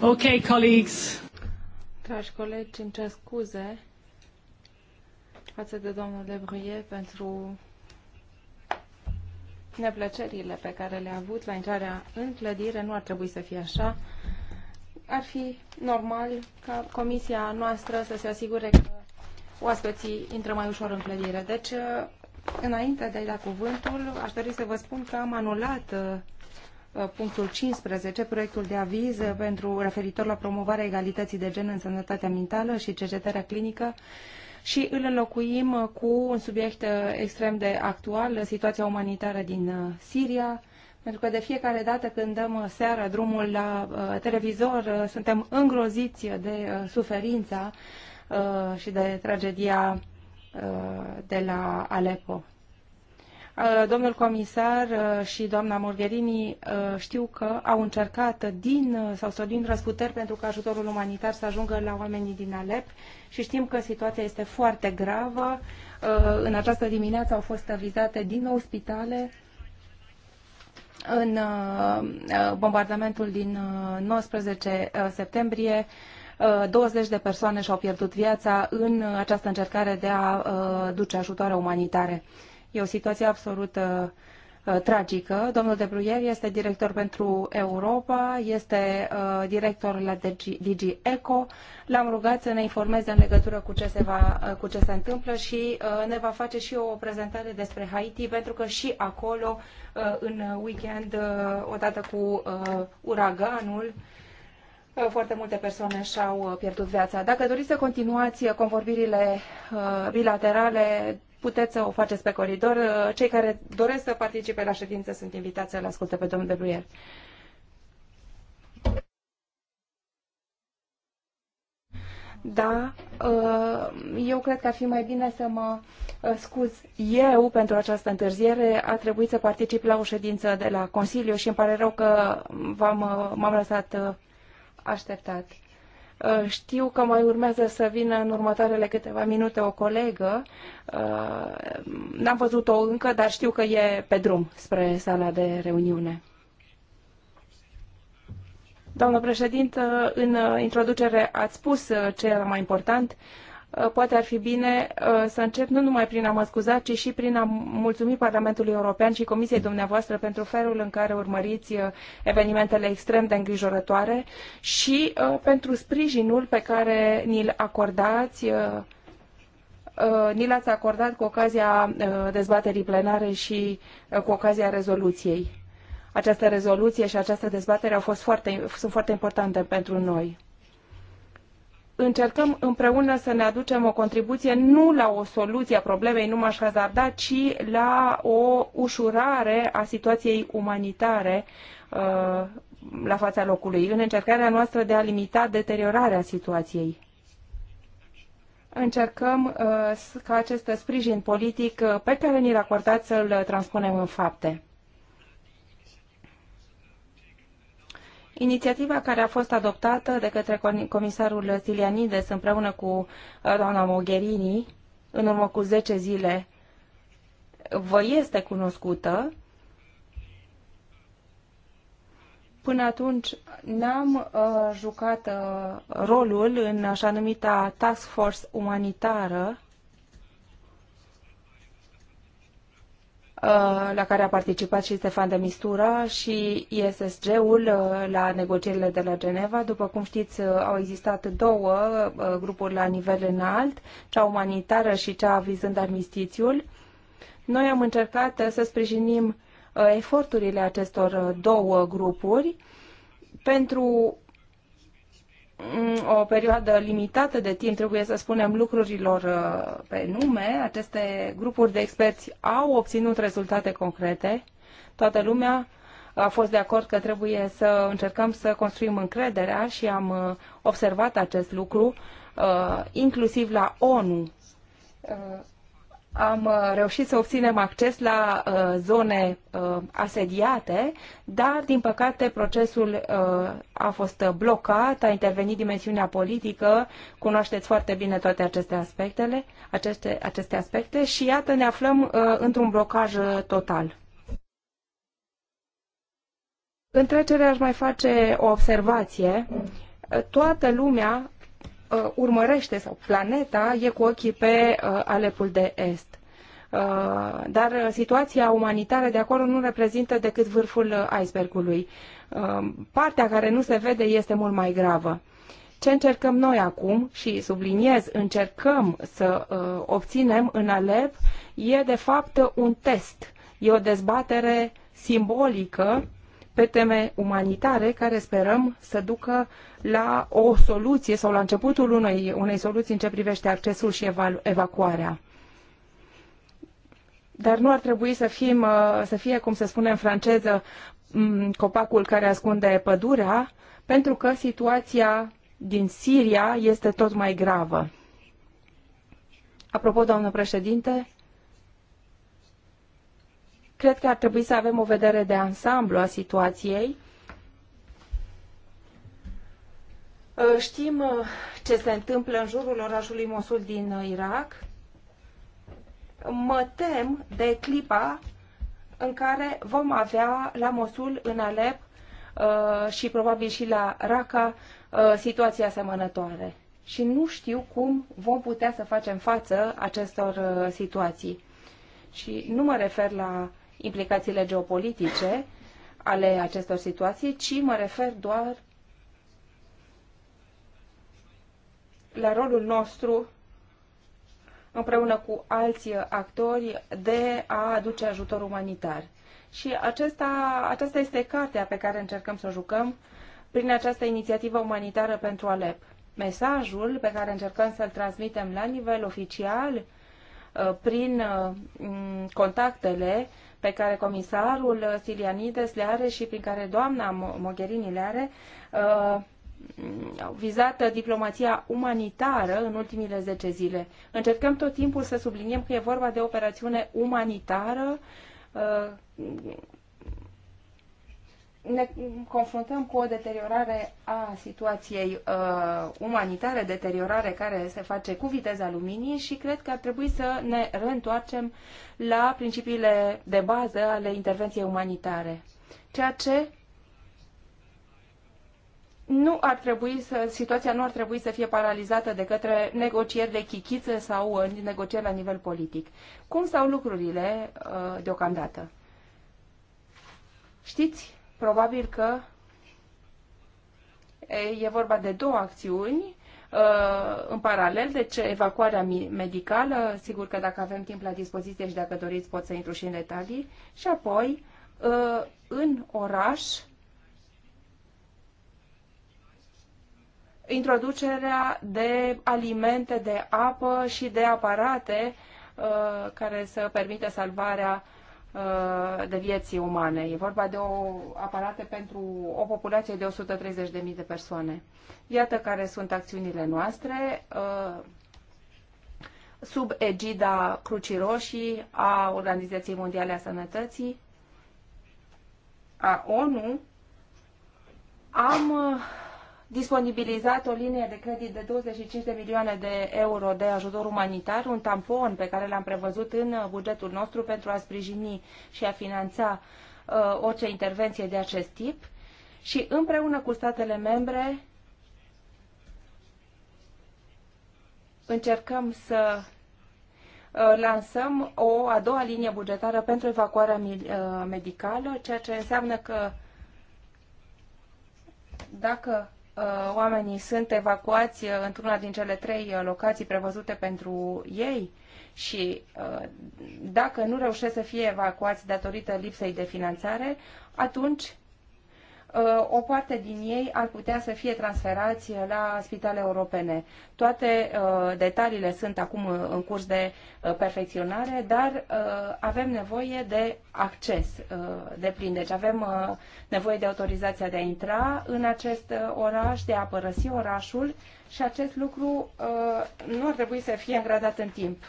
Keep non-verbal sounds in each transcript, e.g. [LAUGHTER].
Ok, colleagues. Dragi colegi, îmi cer scuze față de domnul Bruie pentru neplăcerile pe care le-a avut la intrarea în clădire. Nu ar trebui să fie așa. Ar fi normal ca comisia noastră să se asigure că oaspeții intră mai ușor în clădire. Deci, înainte de a-i da cuvântul, aș dori să vă spun că am anulat uh, Uh, punctul 15, proiectul de aviz uh, pentru referitor la promovarea egalității de gen în sănătatea mentală și cercetarea clinică și îl înlocuim uh, cu un subiect extrem de actual, situația umanitară din Siria, pentru că de fiecare dată când dăm seara drumul la televizor, suntem îngroziți de suferința și de tragedia de la Aleppo. Uh, domnul comisar uh, și doamna Morgherini uh, știu că au încercat din sau să din răsputeri pentru că ajutorul umanitar să ajungă la oamenii din Alep și știm că situația este foarte gravă. În această dimineață au fost vizate din nou spitale în bombardamentul din 19 septembrie. 20 de persoane și-au pierdut viața în această încercare de a duce ajutoare umanitare. E o situație absolut uh, tragică. Domnul de Bruier este director pentru Europa, este uh, director la DG, Eco. L-am rugat să ne informeze în legătură cu ce se, va, uh, cu ce se întâmplă și uh, ne va face și o prezentare despre Haiti, pentru că și acolo, uh, în weekend, odată cu uraganul, foarte multe persoane și-au pierdut viața. Dacă doriți să continuați convorbirile bilaterale, puteți să o faceți pe coridor. Uh, cei care doresc să participe la ședință sunt invitați să-l asculte pe domnul de Bruier. Da, uh, eu cred că ar fi mai bine să mă uh, scuz eu pentru această întârziere. A trebuit să particip la o ședință de la Consiliu și îmi pare rău că m-am lăsat așteptat. Uh, știu că mai urmează să vină în următoarele câteva minute o colegă. Uh, n-am văzut-o încă, dar știu că e pe drum spre sala de reuniune. Doamnă președintă, în uh, introducere ați spus ce era mai important. Uh, poate ar fi bine uh, să încep nu numai prin a mă scuza, ci și prin a mulțumi Parlamentului European și Comisiei dumneavoastră pentru felul în care urmăriți uh, evenimentele extrem de îngrijorătoare și pentru sprijinul pe care ni-l acordați ni l-ați acordat cu ocazia dezbaterii plenare și cu ocazia rezoluției. Această rezoluție și această dezbatere au fost foarte, sunt foarte importante pentru noi încercăm împreună să ne aducem o contribuție nu la o soluție a problemei, nu m-aș hazarda, ci la o ușurare a situației umanitare uh, la fața locului, în încercarea noastră de a limita deteriorarea situației. Încercăm uh, ca acest sprijin politic uh, pe care ni-l acordați să-l transpunem în fapte. Inițiativa care a fost adoptată de către comisarul Silianides împreună cu uh, doamna Mogherini în urmă cu 10 zile vă este cunoscută. Până atunci n-am uh, jucat uh, rolul în așa numita task force umanitară Uh, la care a participat și Stefan de Mistura și ISSG-ul uh, la negocierile de la Geneva. După cum știți, uh, au existat două grupuri la nivel înalt, cea umanitară și cea vizând armistițiul. Noi am încercat să sprijinim eforturile acestor două grupuri pentru Mm, o perioadă limitată de timp, trebuie să spunem lucrurilor uh, pe nume, aceste grupuri de experți au obținut rezultate concrete. Toată lumea a fost de acord că trebuie să încercăm să construim încrederea și am uh, observat acest lucru uh, inclusiv la ONU am uh, reușit să obținem acces la uh, zone uh, asediate, dar, din păcate, procesul a fost blocat, a intervenit dimensiunea politică, cunoașteți foarte bine toate aceste aspectele, aceste, aceste aspecte și iată ne aflăm într-un blocaj total. În trecere aș mai face o observație. Toată lumea uh, urmărește sau planeta e cu ochii pe uh, Alepul de Est. Uh, dar uh, situația umanitară de acolo nu reprezintă decât vârful uh, icebergului. Uh, partea care nu se vede este mult mai gravă. Ce încercăm noi acum și subliniez, încercăm să uh, obținem în Alep e de fapt un test, e o dezbatere simbolică pe teme umanitare care sperăm să ducă la o soluție sau la începutul unei, unei soluții în ce privește accesul și evacuarea. Dar nu ar trebui să, fim, uh, să fie, cum se spune în franceză, mm, copacul care ascunde pădurea, pentru că situația din Siria este tot mai gravă. Apropo, doamnă președinte, Cred că ar trebui să avem o vedere de ansamblu a situației. Ă, știm ă, ce se întâmplă în jurul orașului Mosul din ă, Irak. Mă tem de clipa în care vom avea la Mosul, în Alep și probabil și la Raqqa situații asemănătoare. Și nu știu cum vom putea să facem față acestor situații. Și nu mă refer la implicațiile geopolitice ale acestor situații, ci mă refer doar la rolul nostru împreună cu alți actori de a aduce ajutor umanitar. Și acesta, aceasta este cartea pe care încercăm să o jucăm prin această inițiativă umanitară pentru Alep. Mesajul pe care încercăm să-l transmitem la nivel oficial, uh, prin uh, contactele pe care comisarul Silianides le are și prin care doamna Mogherini le are, uh, vizată diplomația umanitară în ultimile 10 zile. Încercăm tot timpul să subliniem că e vorba de operațiune umanitară uh, ne confruntăm cu o deteriorare a situației uh, umanitare, deteriorare care se face cu viteza luminii și cred că ar trebui să ne reîntoarcem la principiile de bază ale intervenției umanitare, ceea ce nu ar trebui să, situația nu ar trebui să fie paralizată de către negocieri de chichiță sau uh, negocieri la nivel politic. Cum stau lucrurile uh, deocamdată? Știți Probabil că e vorba de două acțiuni ă, în paralel, deci evacuarea medicală, sigur că dacă avem timp la dispoziție și dacă doriți pot să intru și în detalii, și apoi ă, în oraș introducerea de alimente, de apă și de aparate ă, care să permită salvarea uh, Uh, de vieții umane. E vorba de o aparate pentru o populație de 130.000 de persoane. Iată care sunt acțiunile noastre uh, sub egida Crucii Roșii a Organizației Mondiale a Sănătății, a ONU, am uh, disponibilizat o linie de credit de 25 de milioane de euro de ajutor umanitar, un tampon pe care l-am prevăzut în bugetul nostru pentru a sprijini și a finanța uh, orice intervenție de acest tip și împreună cu statele membre încercăm să uh, lansăm o a doua linie bugetară pentru evacuarea uh, medicală, ceea ce înseamnă că dacă Uh, oamenii sunt evacuați uh, într-una din cele trei uh, locații prevăzute pentru ei și dacă nu reușesc să fie evacuați datorită lipsei de finanțare, atunci Uh, o parte din ei ar putea să fie transferați la spitale europene. Toate uh, detaliile sunt acum în curs de uh, perfecționare, dar avem nevoie de acces de plin. Deci avem nevoie de autorizația de a intra în acest oraș, de a părăsi orașul și acest lucru nu ar trebui să fie îngradat în timp.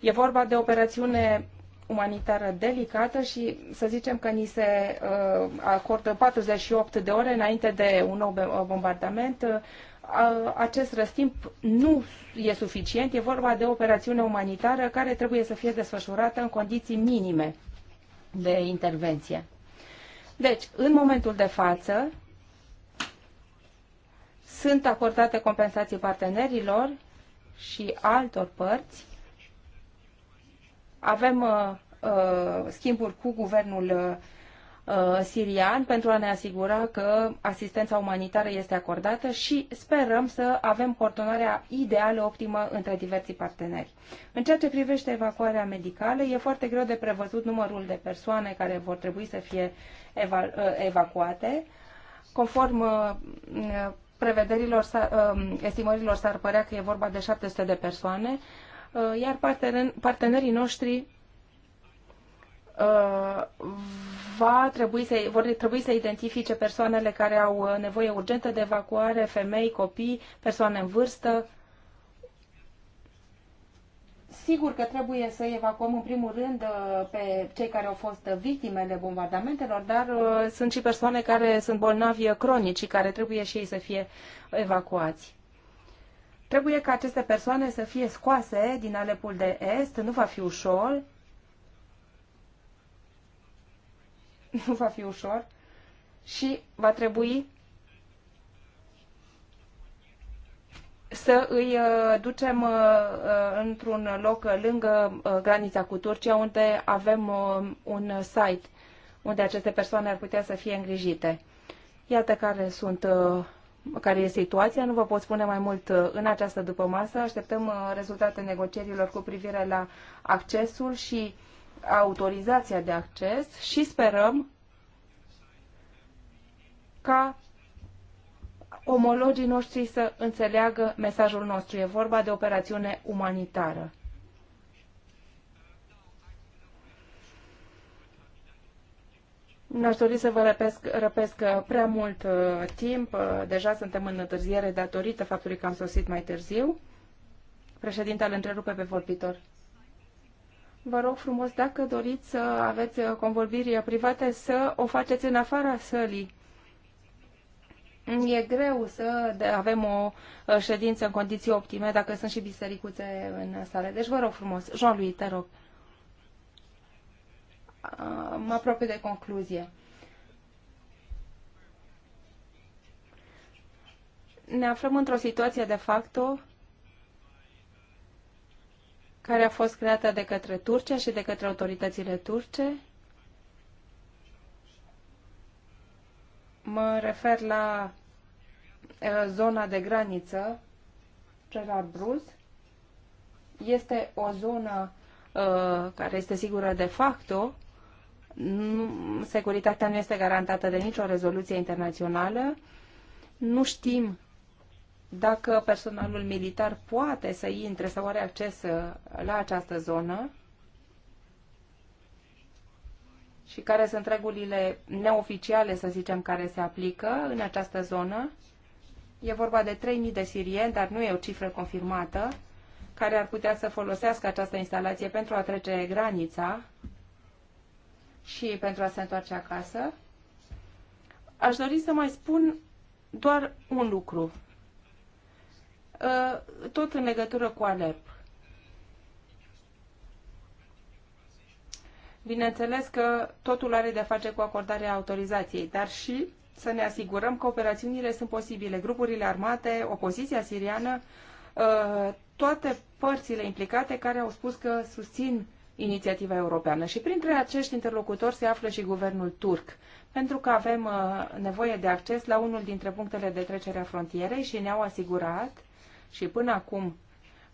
E vorba de o operațiune umanitară delicată și să zicem că ni se uh, acordă 48 de ore înainte de un nou bombardament. Uh, acest răstimp nu e suficient, e vorba de o operațiune umanitară care trebuie să fie desfășurată în condiții minime de intervenție. Deci, în momentul de față, sunt acordate compensații partenerilor și altor părți avem uh, Uh, schimburi cu guvernul uh, sirian pentru a ne asigura că asistența umanitară este acordată și sperăm să avem coordonarea ideală, optimă între diversii parteneri. În ceea ce privește evacuarea medicală, e foarte greu de prevăzut numărul de persoane care vor trebui să fie eva uh, evacuate. Conform prevederilor, um, estimărilor s-ar părea că e vorba de 700 de persoane, iar partenerii noștri Uh, va trebui să, vor trebui să identifice persoanele care au uh, nevoie urgentă de evacuare, femei, copii, persoane în vârstă. Sigur că trebuie să evacuăm în primul rând uh, pe cei care au fost victimele bombardamentelor, dar sunt și persoane care sunt bolnavi cronici și care trebuie și ei să fie evacuați. Trebuie ca aceste persoane să fie scoase din Alepul de Est, nu va fi ușor, [LAUGHS] nu va fi ușor și va trebui să îi uh, ducem uh, uh, într-un loc lângă granița cu Turcia, unde avem un site unde aceste persoane ar putea să fie îngrijite. Iată care sunt care e situația. Nu vă pot spune mai mult în această dupămasă. Așteptăm rezultate negocierilor cu privire la accesul și autorizația de acces și sperăm ca omologii noștri să înțeleagă mesajul nostru. E vorba de operațiune umanitară. N-aș dori să vă răpesc, răpesc uh, prea mult uh, timp. Uh, deja suntem în întârziere datorită faptului că am sosit mai târziu. Președintele întrerupe pe vorbitor. Vă rog frumos, dacă doriți să aveți convorbiri private, să o faceți în afara sălii. E greu să avem o uh, ședință în condiții optime dacă sunt și bisericuțe în sale. Deci vă rog frumos, Jean-Louis, te rog. Uh, mă apropie de concluzie. Ne aflăm într-o situație de facto care a fost creată de către Turcia și de către autoritățile turce. Mă refer la zona de graniță, Gerard Bruz. Este o zonă uh, care este sigură de facto. Nu, securitatea nu este garantată de nicio rezoluție internațională. Nu știm dacă personalul militar poate să intre sau are acces uh, la această zonă și care sunt regulile neoficiale, să zicem, care se aplică în această zonă. E vorba de 3.000 de sirieni, dar nu e o cifră confirmată, care ar putea să folosească această instalație pentru a trece granița și pentru a se întoarce acasă. Aș dori să mai spun doar un lucru Uh, tot în legătură cu Alep. Bineînțeles că totul are de-a face cu acordarea autorizației, dar și să ne asigurăm că operațiunile sunt posibile. Grupurile armate, opoziția siriană, uh, toate părțile implicate care au spus că susțin inițiativa europeană. Și printre acești interlocutori se află și guvernul turc, pentru că avem uh, nevoie de acces la unul dintre punctele de trecere a frontierei și ne-au asigurat și până acum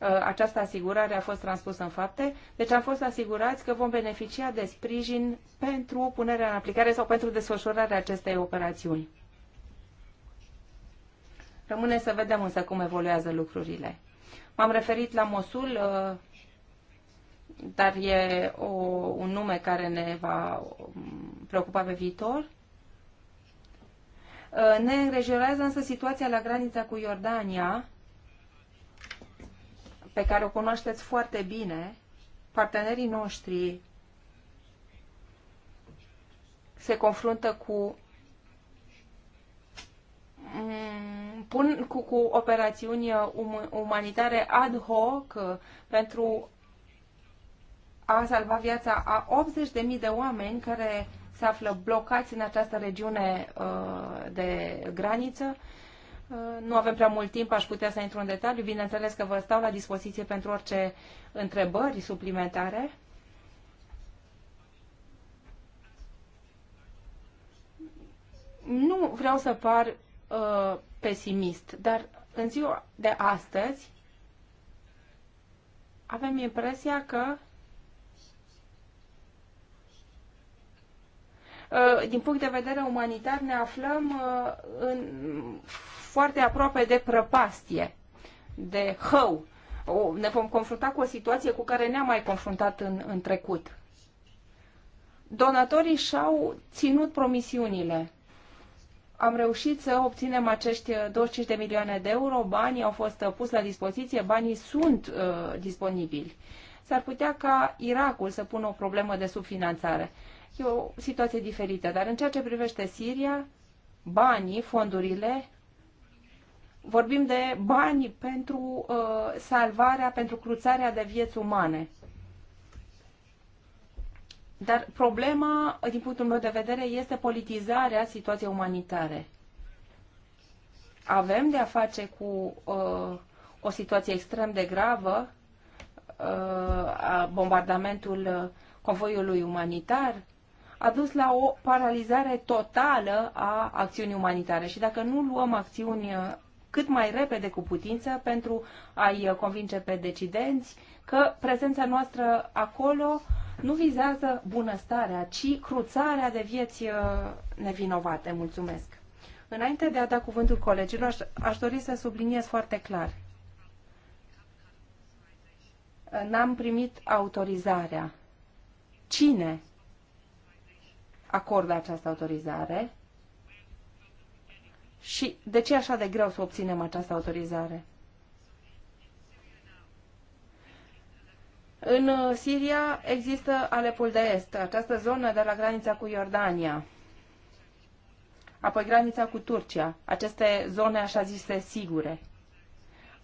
ă, această asigurare a fost transpusă în fapte, deci am fost asigurați că vom beneficia de sprijin pentru punerea în aplicare sau pentru desfășurarea acestei operațiuni. Rămâne să vedem însă cum evoluează lucrurile. M-am referit la Mosul, ă, dar e o, un nume care ne va um, preocupa pe viitor. Ă, ne îngrijorează însă situația la granița cu Iordania, pe care o cunoașteți foarte bine, partenerii noștri se confruntă cu mm, pun cu, cu operațiuni uh, umanitare ad hoc uh, pentru a salva viața a 80.000 de oameni care se află blocați în această regiune uh, de graniță Uh, nu avem prea mult timp, aș putea să intru în detaliu. Bineînțeles că vă stau la dispoziție pentru orice întrebări suplimentare. Nu vreau să par uh, pesimist, dar în ziua de astăzi avem impresia că uh, din punct de vedere umanitar ne aflăm uh, în foarte aproape de prăpastie, de hău. O, ne vom confrunta cu o situație cu care ne-am mai confruntat în, în trecut. Donatorii și-au ținut promisiunile. Am reușit să obținem acești 25 de milioane de euro, banii au fost uh, pus la dispoziție, banii sunt uh, disponibili. S-ar putea ca Irakul să pună o problemă de subfinanțare. E o situație diferită, dar în ceea ce privește Siria, banii, fondurile vorbim de bani pentru uh, salvarea, pentru cruțarea de vieți umane. Dar problema, din punctul meu de vedere, este politizarea situației umanitare. Avem de a face cu uh, o situație extrem de gravă, uh, a bombardamentul convoiului umanitar, a dus la o paralizare totală a acțiunii umanitare. Și dacă nu luăm acțiuni uh, cât mai repede cu putință pentru a-i convinge pe decidenți că prezența noastră acolo nu vizează bunăstarea, ci cruțarea de vieți uh, nevinovate. Mulțumesc! Înainte de a da cuvântul colegilor, aș dori să subliniez foarte clar. N-am primit autorizarea. Cine acordă această autorizare? Și de ce e așa de greu să obținem această autorizare? În uh, Siria există Alepul de Est, această zonă de la granița cu Iordania, apoi granița cu Turcia, aceste zone așa zise sigure.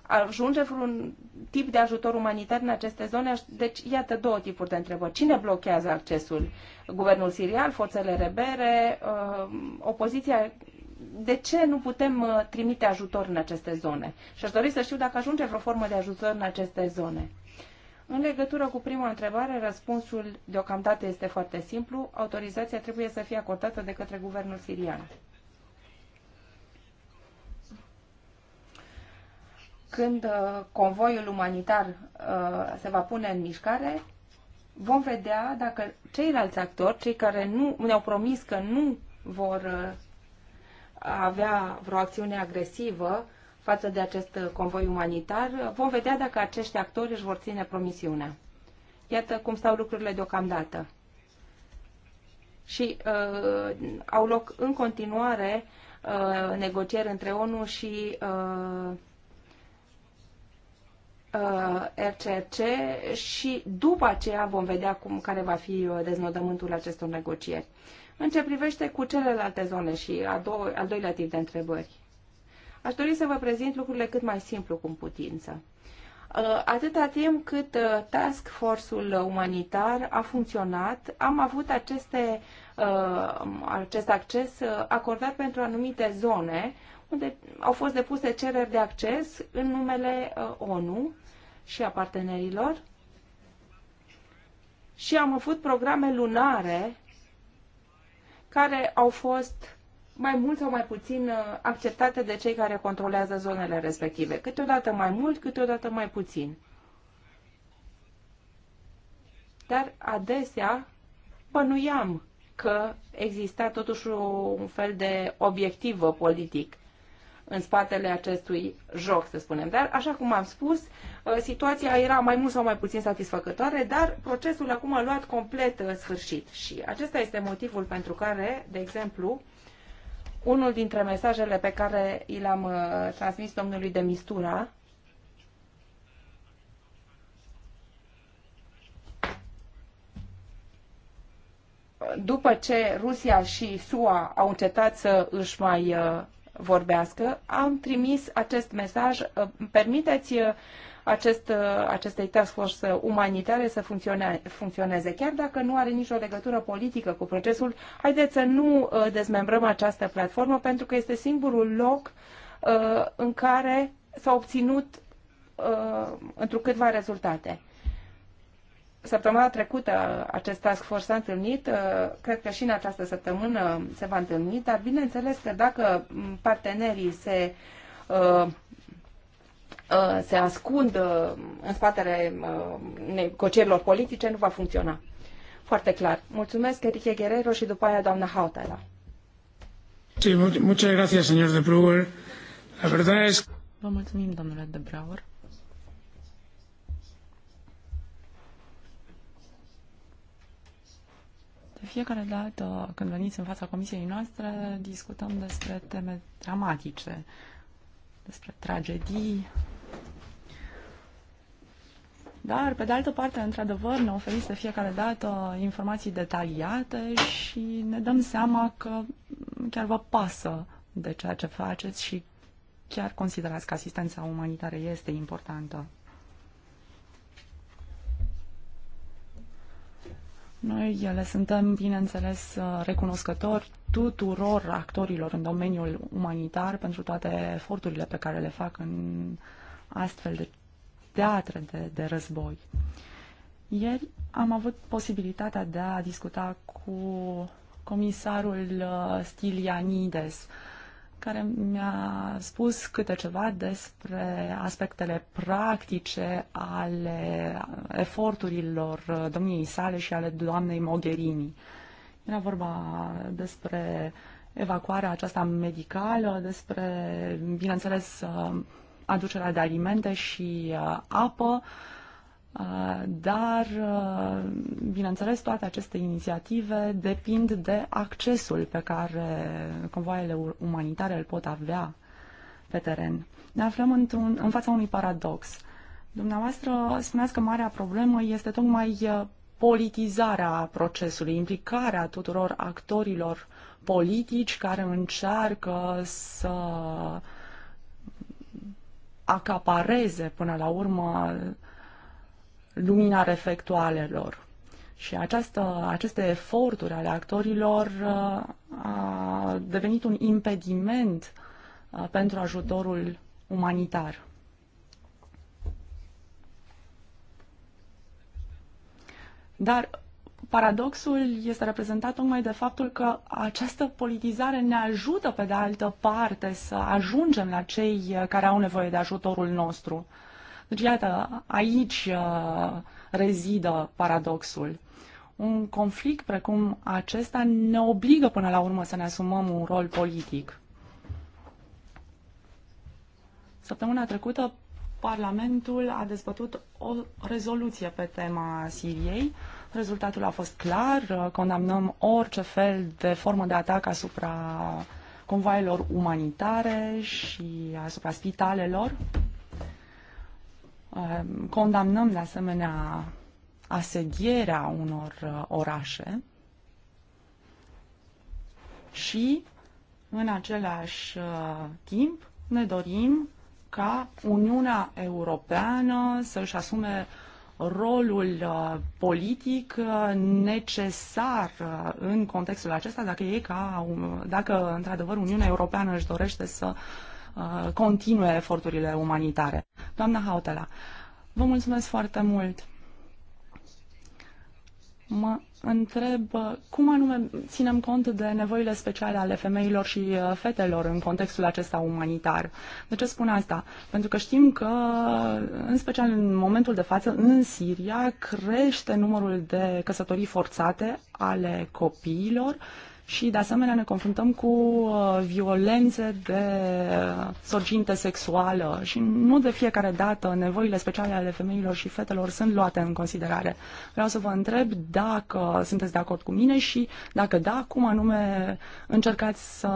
Ajunge vreun tip de ajutor umanitar în aceste zone? Deci, iată două tipuri de întrebări. Cine blochează accesul? Guvernul sirian, forțele rebere, uh, opoziția de ce nu putem uh, trimite ajutor în aceste zone? Și aș dori să știu dacă ajunge vreo formă de ajutor în aceste zone. În legătură cu prima întrebare, răspunsul deocamdată este foarte simplu. Autorizația trebuie să fie acordată de către guvernul sirian. Când uh, convoiul umanitar uh, se va pune în mișcare, vom vedea dacă ceilalți actori, cei care nu ne-au promis că nu vor a avea vreo acțiune agresivă față de acest convoi umanitar, vom vedea dacă acești actori își vor ține promisiunea. Iată cum stau lucrurile deocamdată. Și uh, au loc în continuare uh, negocieri între ONU și uh, uh, RCRC și după aceea vom vedea cum, care va fi uh, deznodământul acestor negocieri. Uh, în ce privește cu celelalte zone și a dou- al doilea tip de întrebări, aș dori să vă prezint lucrurile cât mai simplu cu putință. Uh, atâta timp cât uh, task force-ul umanitar a funcționat, am avut aceste, uh, acest acces acordat pentru anumite zone unde au fost depuse cereri de acces în numele ONU și a partenerilor și am avut programe lunare care au fost mai mult sau mai puțin uh, acceptate de cei care controlează zonele respective. Câteodată mai mult, câteodată mai puțin. Dar adesea bănuiam că exista totuși un fel de obiectiv politic în spatele acestui joc, să spunem. Dar, așa cum am spus, uh, situația era mai mult sau mai puțin satisfăcătoare, dar procesul acum a luat complet uh, sfârșit. Și acesta este motivul pentru care, de exemplu, unul dintre mesajele pe care i l-am uh, transmis domnului de Mistura, după ce Rusia și SUA au încetat să își mai vorbească. Am trimis acest mesaj. Uh, permiteți uh, acest, uh, acestei task force umanitare să funcționeze. Chiar dacă nu are nicio legătură politică cu procesul, haideți să nu dezmembrăm această platformă pentru că este singurul loc în care s-a obținut uh, întrucâtva rezultate. Săptămâna trecută acest task force s-a întâlnit, uh, cred că și în această săptămână se va întâlni, dar bineînțeles că dacă partenerii se uh, uh, se ascund în spatele negocierilor politice, nu va funcționa. Foarte clar. Mulțumesc, Enrique Guerrero și după aia doamna Hautala. Sí, muchas gracias, señor de Brouwer. La verdad es... Vă mulțumim, domnule de Brouwer. De fiecare dată când veniți în fața comisiei noastre, discutăm despre teme dramatice, despre tragedii. Dar, pe de altă parte, într-adevăr, ne oferiți de fiecare dată informații detaliate și ne dăm seama că chiar vă pasă de ceea ce faceți și chiar considerați că asistența umanitară este importantă. Noi le suntem, bineînțeles, recunoscători tuturor actorilor în domeniul umanitar pentru toate eforturile pe care le fac în astfel de teatre de, de război. Ieri am avut posibilitatea de a discuta cu comisarul Stilianides uh, care mi-a spus câte ceva despre aspectele practice ale eforturilor domniei sale și ale doamnei Mogherini. Era vorba despre evacuarea aceasta medicală, despre, bineînțeles, aducerea de alimente și uh, apă, Uh, dar, uh, bineînțeles, toate aceste inițiative depind de accesul pe care convoaiele umanitare îl pot avea pe teren. Ne aflăm într-un, în fața unui paradox. Dumneavoastră spuneați că marea problemă este tocmai uh, politizarea procesului, implicarea tuturor actorilor politici care încearcă să acapareze până la urmă lumina reflectoarelor. Și această, aceste eforturi ale actorilor uh, a devenit un impediment uh, pentru ajutorul umanitar. Dar paradoxul este reprezentat tocmai de faptul că această politizare ne ajută, pe de altă parte, să ajungem la cei uh, care au nevoie de ajutorul nostru. Uh, deci, iată, aici uh, rezidă paradoxul. Un conflict precum acesta ne obligă până la urmă să ne asumăm un rol politic. Săptămâna trecută, Parlamentul a dezbătut o rezoluție pe tema Siriei. Rezultatul a fost clar, uh, condamnăm orice fel de formă de atac asupra convoaelor umanitare și asupra spitalelor. Ehm, condamnăm de asemenea asedierea unor uh, orașe și în același uh, timp ne dorim ca Uniunea Europeană să-și asume rolul uh, politic necesar în contextul acesta dacă e ca, um, dacă într-adevăr Uniunea Europeană își dorește să uh, Uh, continue eforturile umanitare. Doamna Hautela, vă mulțumesc foarte mult. Mă întreb uh, cum anume ținem cont de nevoile speciale ale femeilor și uh, fetelor în contextul acesta umanitar. De ce spun asta? Pentru că știm că, în special în momentul de față, în Siria crește numărul de căsătorii forțate ale copiilor și de asemenea ne confruntăm cu uh, violențe de sorginte sexuală și nu de fiecare dată nevoile speciale ale femeilor și fetelor sunt luate în considerare. Vreau să vă întreb dacă sunteți de acord cu mine și dacă da, cum anume încercați să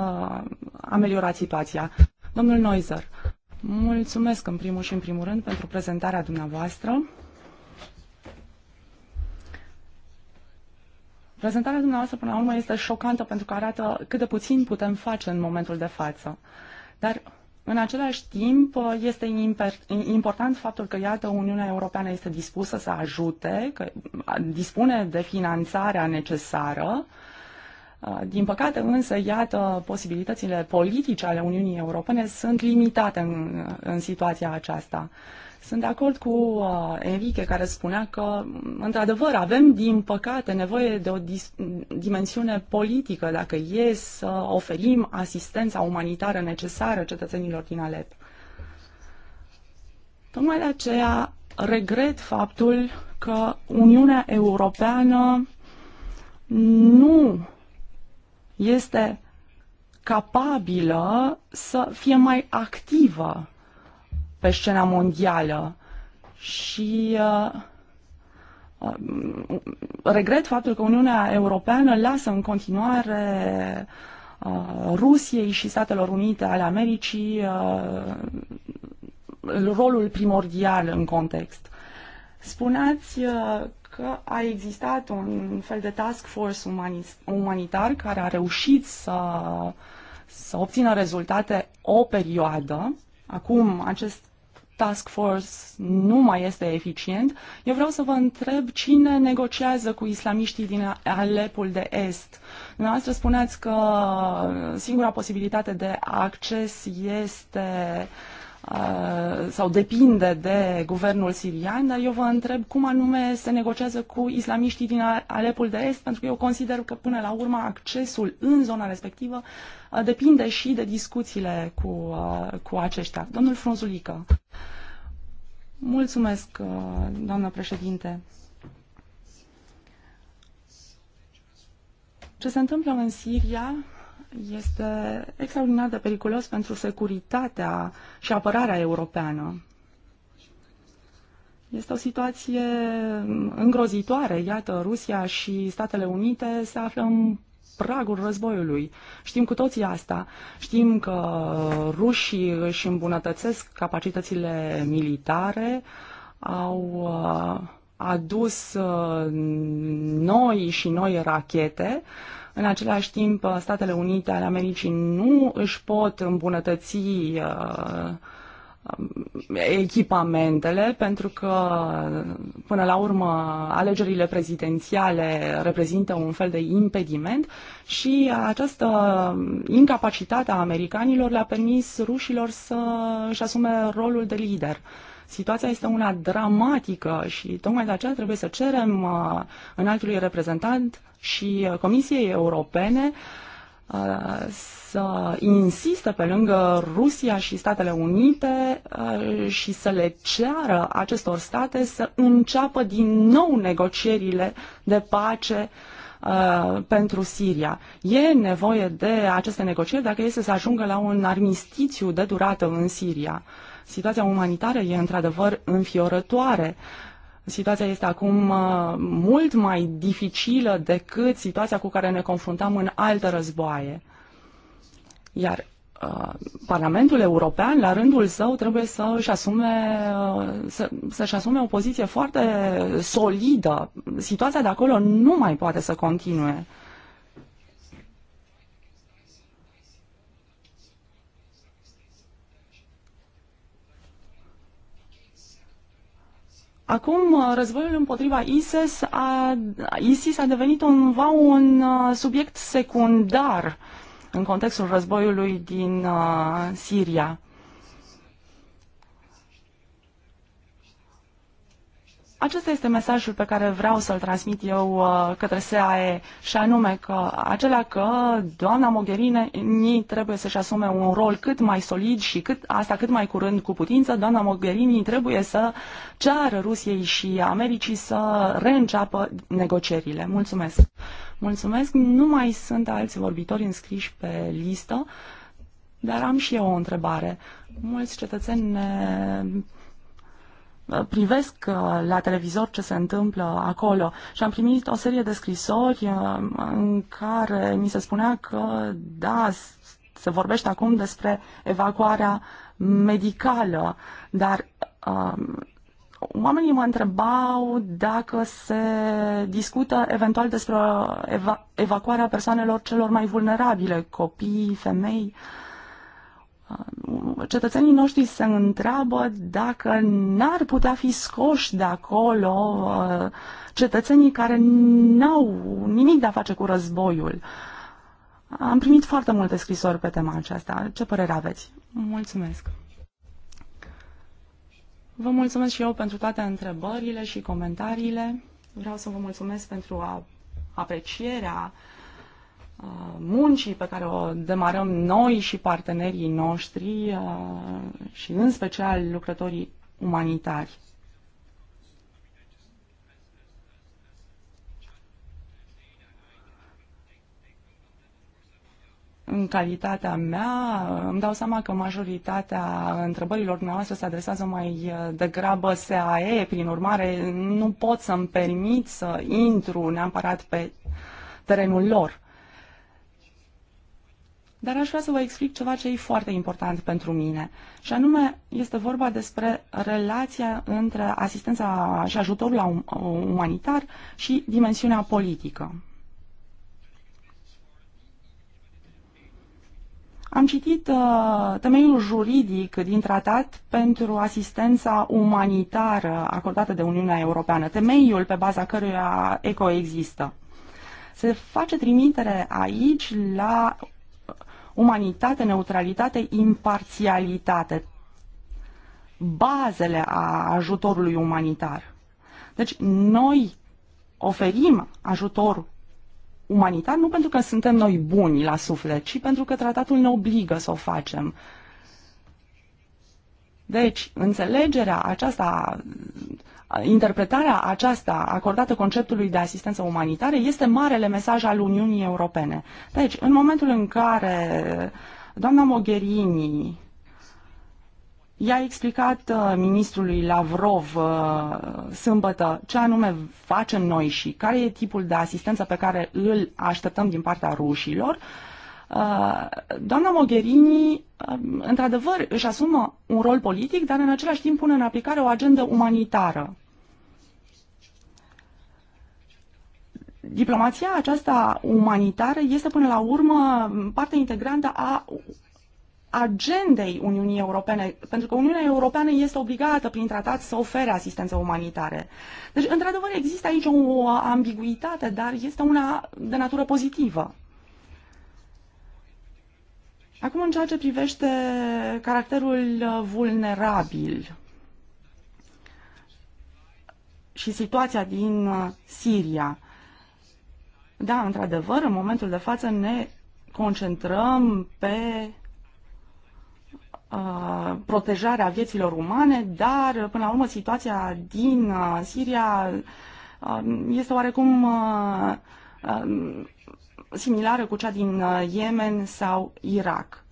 ameliorați situația. Domnul Noizer, mulțumesc în primul și în primul rând pentru prezentarea dumneavoastră. Prezentarea dumneavoastră, până la urmă, este șocantă pentru că arată cât de puțin putem face în momentul de față. Dar în același timp, este important faptul că, iată, Uniunea Europeană este dispusă să ajute, că dispune de finanțarea necesară. Din păcate, însă, iată, posibilitățile politice ale Uniunii Europene sunt limitate în, în situația aceasta. Sunt de acord cu uh, Enrique care spunea că, mm, într-adevăr, avem, din păcate, nevoie de o dimensiune politică dacă e să oferim asistența umanitară necesară cetățenilor din Alep. Tocmai de aceea regret faptul că Uniunea Europeană nu este capabilă să fie mai activă pe scena mondială și uh, uh, regret faptul că Uniunea Europeană lasă în continuare uh, Rusiei și Statelor Unite ale Americii rolul primordial în context. Spuneați că a existat un fel de task force umanitar care a reușit să, să obțină rezultate o perioadă. Acum acest task force nu mai este eficient, eu vreau să vă întreb cine negociază cu islamiștii din Alepul de Est. Dumneavoastră spuneați că singura posibilitate de acces este uh, sau depinde de guvernul sirian, dar eu vă întreb cum anume se negociază cu islamiștii din Alepul de Est, pentru că eu consider că până la urmă accesul în zona respectivă uh, depinde și de discuțiile cu, uh, cu aceștia. Domnul Frunzulică. Mulțumesc, uh, doamnă președinte. Ce se întâmplă în Siria este extraordinar de periculos pentru securitatea și apărarea europeană. Este o situație îngrozitoare. Iată, Rusia și Statele Unite se află în pragul războiului. Știm cu toții asta. Știm că rușii își îmbunătățesc capacitățile militare, au uh, adus uh, noi și noi rachete. În același timp, uh, Statele Unite ale Americii nu își pot îmbunătăți uh, echipamentele, pentru că până la urmă alegerile prezidențiale reprezintă un fel de impediment și această incapacitate a americanilor le-a permis rușilor să își asume rolul de lider. Situația este una dramatică și tocmai de aceea trebuie să cerem uh, înaltului reprezentant și Comisiei Europene uh, să insiste pe lângă Rusia și Statele Unite uh, și să le ceară acestor state să înceapă din nou negocierile de pace uh, pentru Siria. E nevoie de aceste negocieri dacă este să ajungă la un armistițiu de durată în Siria. Situația umanitară e într-adevăr înfiorătoare. Uh, Situația este acum uh, mult mai dificilă decât situația cu care ne confruntam în alte războaie. Iar uh, Parlamentul European, la rândul său, trebuie să își asume, uh, să, să-și asume o poziție foarte solidă. Situația de acolo nu mai poate să continue. Acum, uh, războiul împotriva ISIS a, ISIS a devenit cumva un uh, subiect secundar în contextul războiului din uh, Siria. Acesta este mesajul pe care vreau să-l transmit eu uh, către SAE și anume că acela că doamna Mogherini trebuie să-și asume un rol cât mai solid și cât, asta cât mai curând cu putință. Doamna Mogherini trebuie să ceară Rusiei și Americii să reînceapă negocierile. Mulțumesc! Mulțumesc! Nu mai sunt alți vorbitori înscriși pe listă, dar am și eu o întrebare. Mulți cetățeni ne Uh, privesc uh, la televizor ce se întâmplă acolo și am primit o serie de scrisori uh, în care mi se spunea că da, se vorbește acum despre evacuarea medicală, dar um, oamenii mă întrebau dacă se discută eventual despre eva- evacuarea persoanelor celor mai vulnerabile, copii, femei. Uh, Uh, cetățenii noștri se întreabă dacă n-ar putea fi scoși de acolo uh, cetățenii care n-au nimic de a face cu războiul. Am primit foarte multe scrisori pe tema aceasta. Ce părere aveți? Mulțumesc! Vă mulțumesc și eu pentru toate întrebările și comentariile. Vreau să vă mulțumesc pentru aprecierea uh, muncii pe care o demarăm noi și partenerii noștri uh, și în special lucrătorii umanitari. în calitatea mea, îmi dau seama că majoritatea întrebărilor dumneavoastră se adresează mai uh, degrabă SAE, prin urmare nu pot să-mi permit să intru neapărat pe terenul lor. Dar aș vrea să vă explic ceva ce e foarte important pentru mine. Și anume, este vorba despre relația între asistența și ajutorul um, uh, umanitar și dimensiunea politică. Am citit uh, temeiul juridic din tratat pentru asistența umanitară acordată de Uniunea Europeană, temeiul pe baza căruia ECO există. Se face trimitere aici la umanitate, neutralitate, imparțialitate. Bazele a ajutorului umanitar. Deci noi oferim ajutor umanitar nu pentru că suntem noi buni la suflet, ci pentru că tratatul ne obligă să o facem. Deci, înțelegerea aceasta interpretarea aceasta acordată conceptului de asistență umanitară este marele mesaj al Uniunii Europene. Deci, în momentul în care doamna Mogherini i-a explicat uh, ministrului Lavrov uh, sâmbătă ce anume facem noi și care e tipul de asistență pe care îl așteptăm din partea rușilor, uh, Uh, doamna Mogherini, uh, într-adevăr, își asumă un rol politic, dar în același timp pune în aplicare o agendă umanitară. Diplomația aceasta umanitară este până la urmă parte integrantă a agendei Uniunii Europene, pentru că Uniunea Europeană este obligată prin tratat să ofere asistență umanitare. Deci, într-adevăr, există aici o ambiguitate, dar este una de natură pozitivă. Acum, în ceea ce privește caracterul uh, vulnerabil și situația din uh, Siria, da, într-adevăr, în momentul de față ne concentrăm pe uh, protejarea vieților umane, dar până la urmă situația din uh, Siria uh, este oarecum uh, similară cu cea din uh, Yemen sau Irak.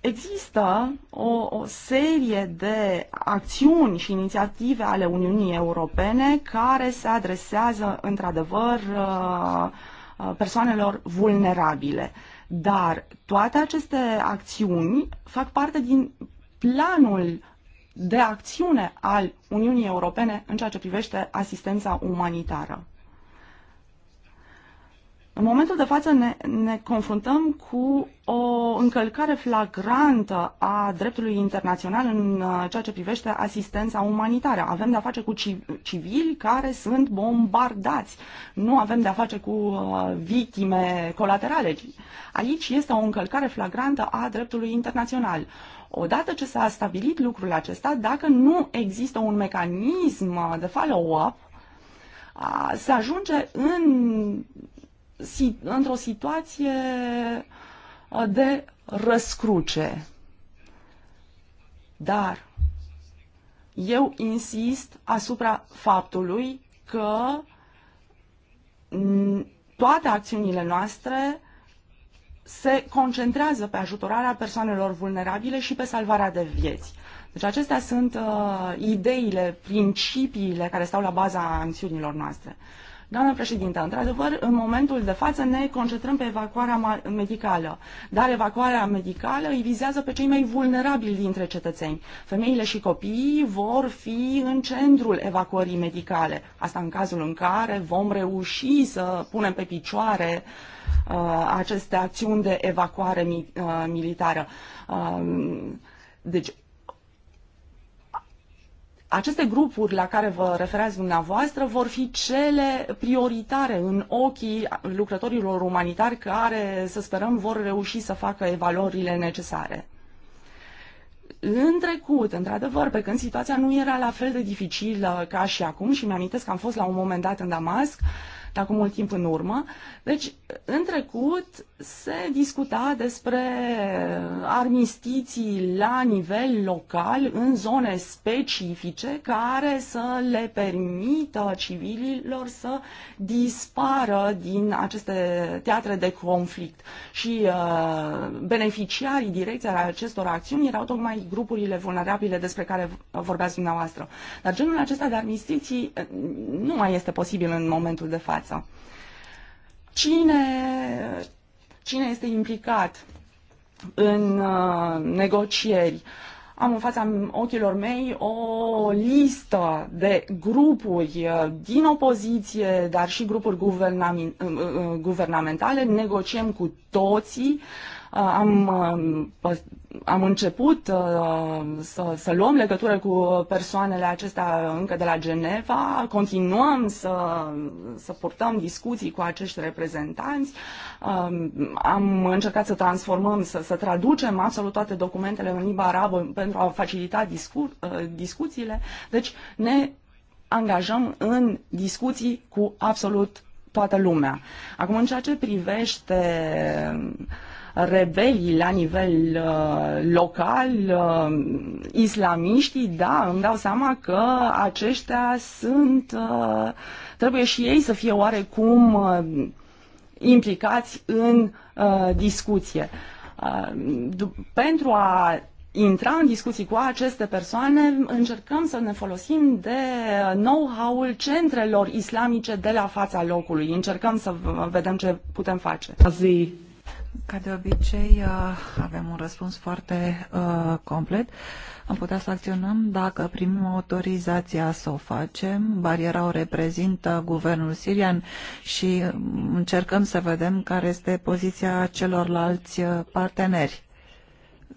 Există o, o serie de acțiuni și inițiative ale Uniunii Europene care se adresează, într-adevăr, uh, uh, persoanelor vulnerabile. Dar toate aceste acțiuni fac parte din planul de acțiune al Uniunii Europene în ceea ce privește asistența umanitară. În momentul de față ne, ne confruntăm cu o încălcare flagrantă a dreptului internațional în uh, ceea ce privește asistența umanitară. Avem de-a face cu civili care sunt bombardați. Nu avem de-a face cu uh, victime colaterale. Aici este o încălcare flagrantă a dreptului internațional. Odată ce s-a stabilit lucrul acesta, dacă nu există un mecanism de follow-up, uh, se ajunge în într-o situație uh, de răscruce. Dar eu insist asupra faptului că toate acțiunile noastre se concentrează pe ajutorarea persoanelor vulnerabile și pe salvarea de vieți. Deci acestea sunt uh, ideile, principiile care stau la baza acțiunilor noastre. Uh, Doamna președinte, într-adevăr, în momentul de față ne concentrăm pe evacuarea medicală, dar evacuarea medicală îi vizează pe cei mai vulnerabili dintre cetățeni. Femeile și copiii vor fi în centrul evacuării medicale. Asta în cazul în care vom reuși să punem pe picioare uh, aceste acțiuni de evacuare mi, uh, militară. Uh, deci, aceste grupuri la care vă referați dumneavoastră vor fi cele prioritare în ochii lucrătorilor umanitari care, să sperăm, vor reuși să facă evaluările necesare. În trecut, într-adevăr, pe când situația nu era la fel de dificilă ca și acum, și mi-amintesc că am fost la un moment dat în Damasc, uh, de acum mult timp în urmă. Deci, în trecut se discuta despre armistiții la nivel local, în zone specifice, care să le permită civililor să dispară din aceste teatre de conflict. Și uh, beneficiarii direcției ai acestor acțiuni erau tocmai grupurile vulnerabile despre care vorbeați dumneavoastră. Dar genul acesta de armistiții uh, nu mai este posibil în momentul de față piață. Cine, cine este implicat în uh, negocieri? Am în fața ochilor mei o listă de grupuri uh, din opoziție, dar și grupuri uh, guvernamentale. Negociem cu toții uh, Uh, am, um, am început uh, să, să luăm legătură cu persoanele acestea încă de la Geneva, continuăm să, să purtăm discuții cu acești reprezentanți, um, am încercat să transformăm, să, să traducem absolut toate documentele în limba arabă pentru a facilita discu- uh, discuțiile, deci ne angajăm în discuții cu absolut toată lumea. Acum, în ceea ce privește uh, rebelii la nivel uh, local, uh, islamiștii, da, îmi dau seama că aceștia sunt, uh, trebuie și ei să fie oarecum uh, implicați în uh, discuție. Uh, pentru a intra în discuții cu aceste persoane, încercăm să ne folosim de know-how-ul centrelor islamice de la fața locului. Încercăm să vedem ce putem face. Azi. Ca de obicei, uh, avem un răspuns foarte uh, complet. Am putea să acționăm dacă primim autorizația să o facem. Bariera o reprezintă guvernul sirian și um, încercăm să vedem care este poziția celorlalți uh, parteneri.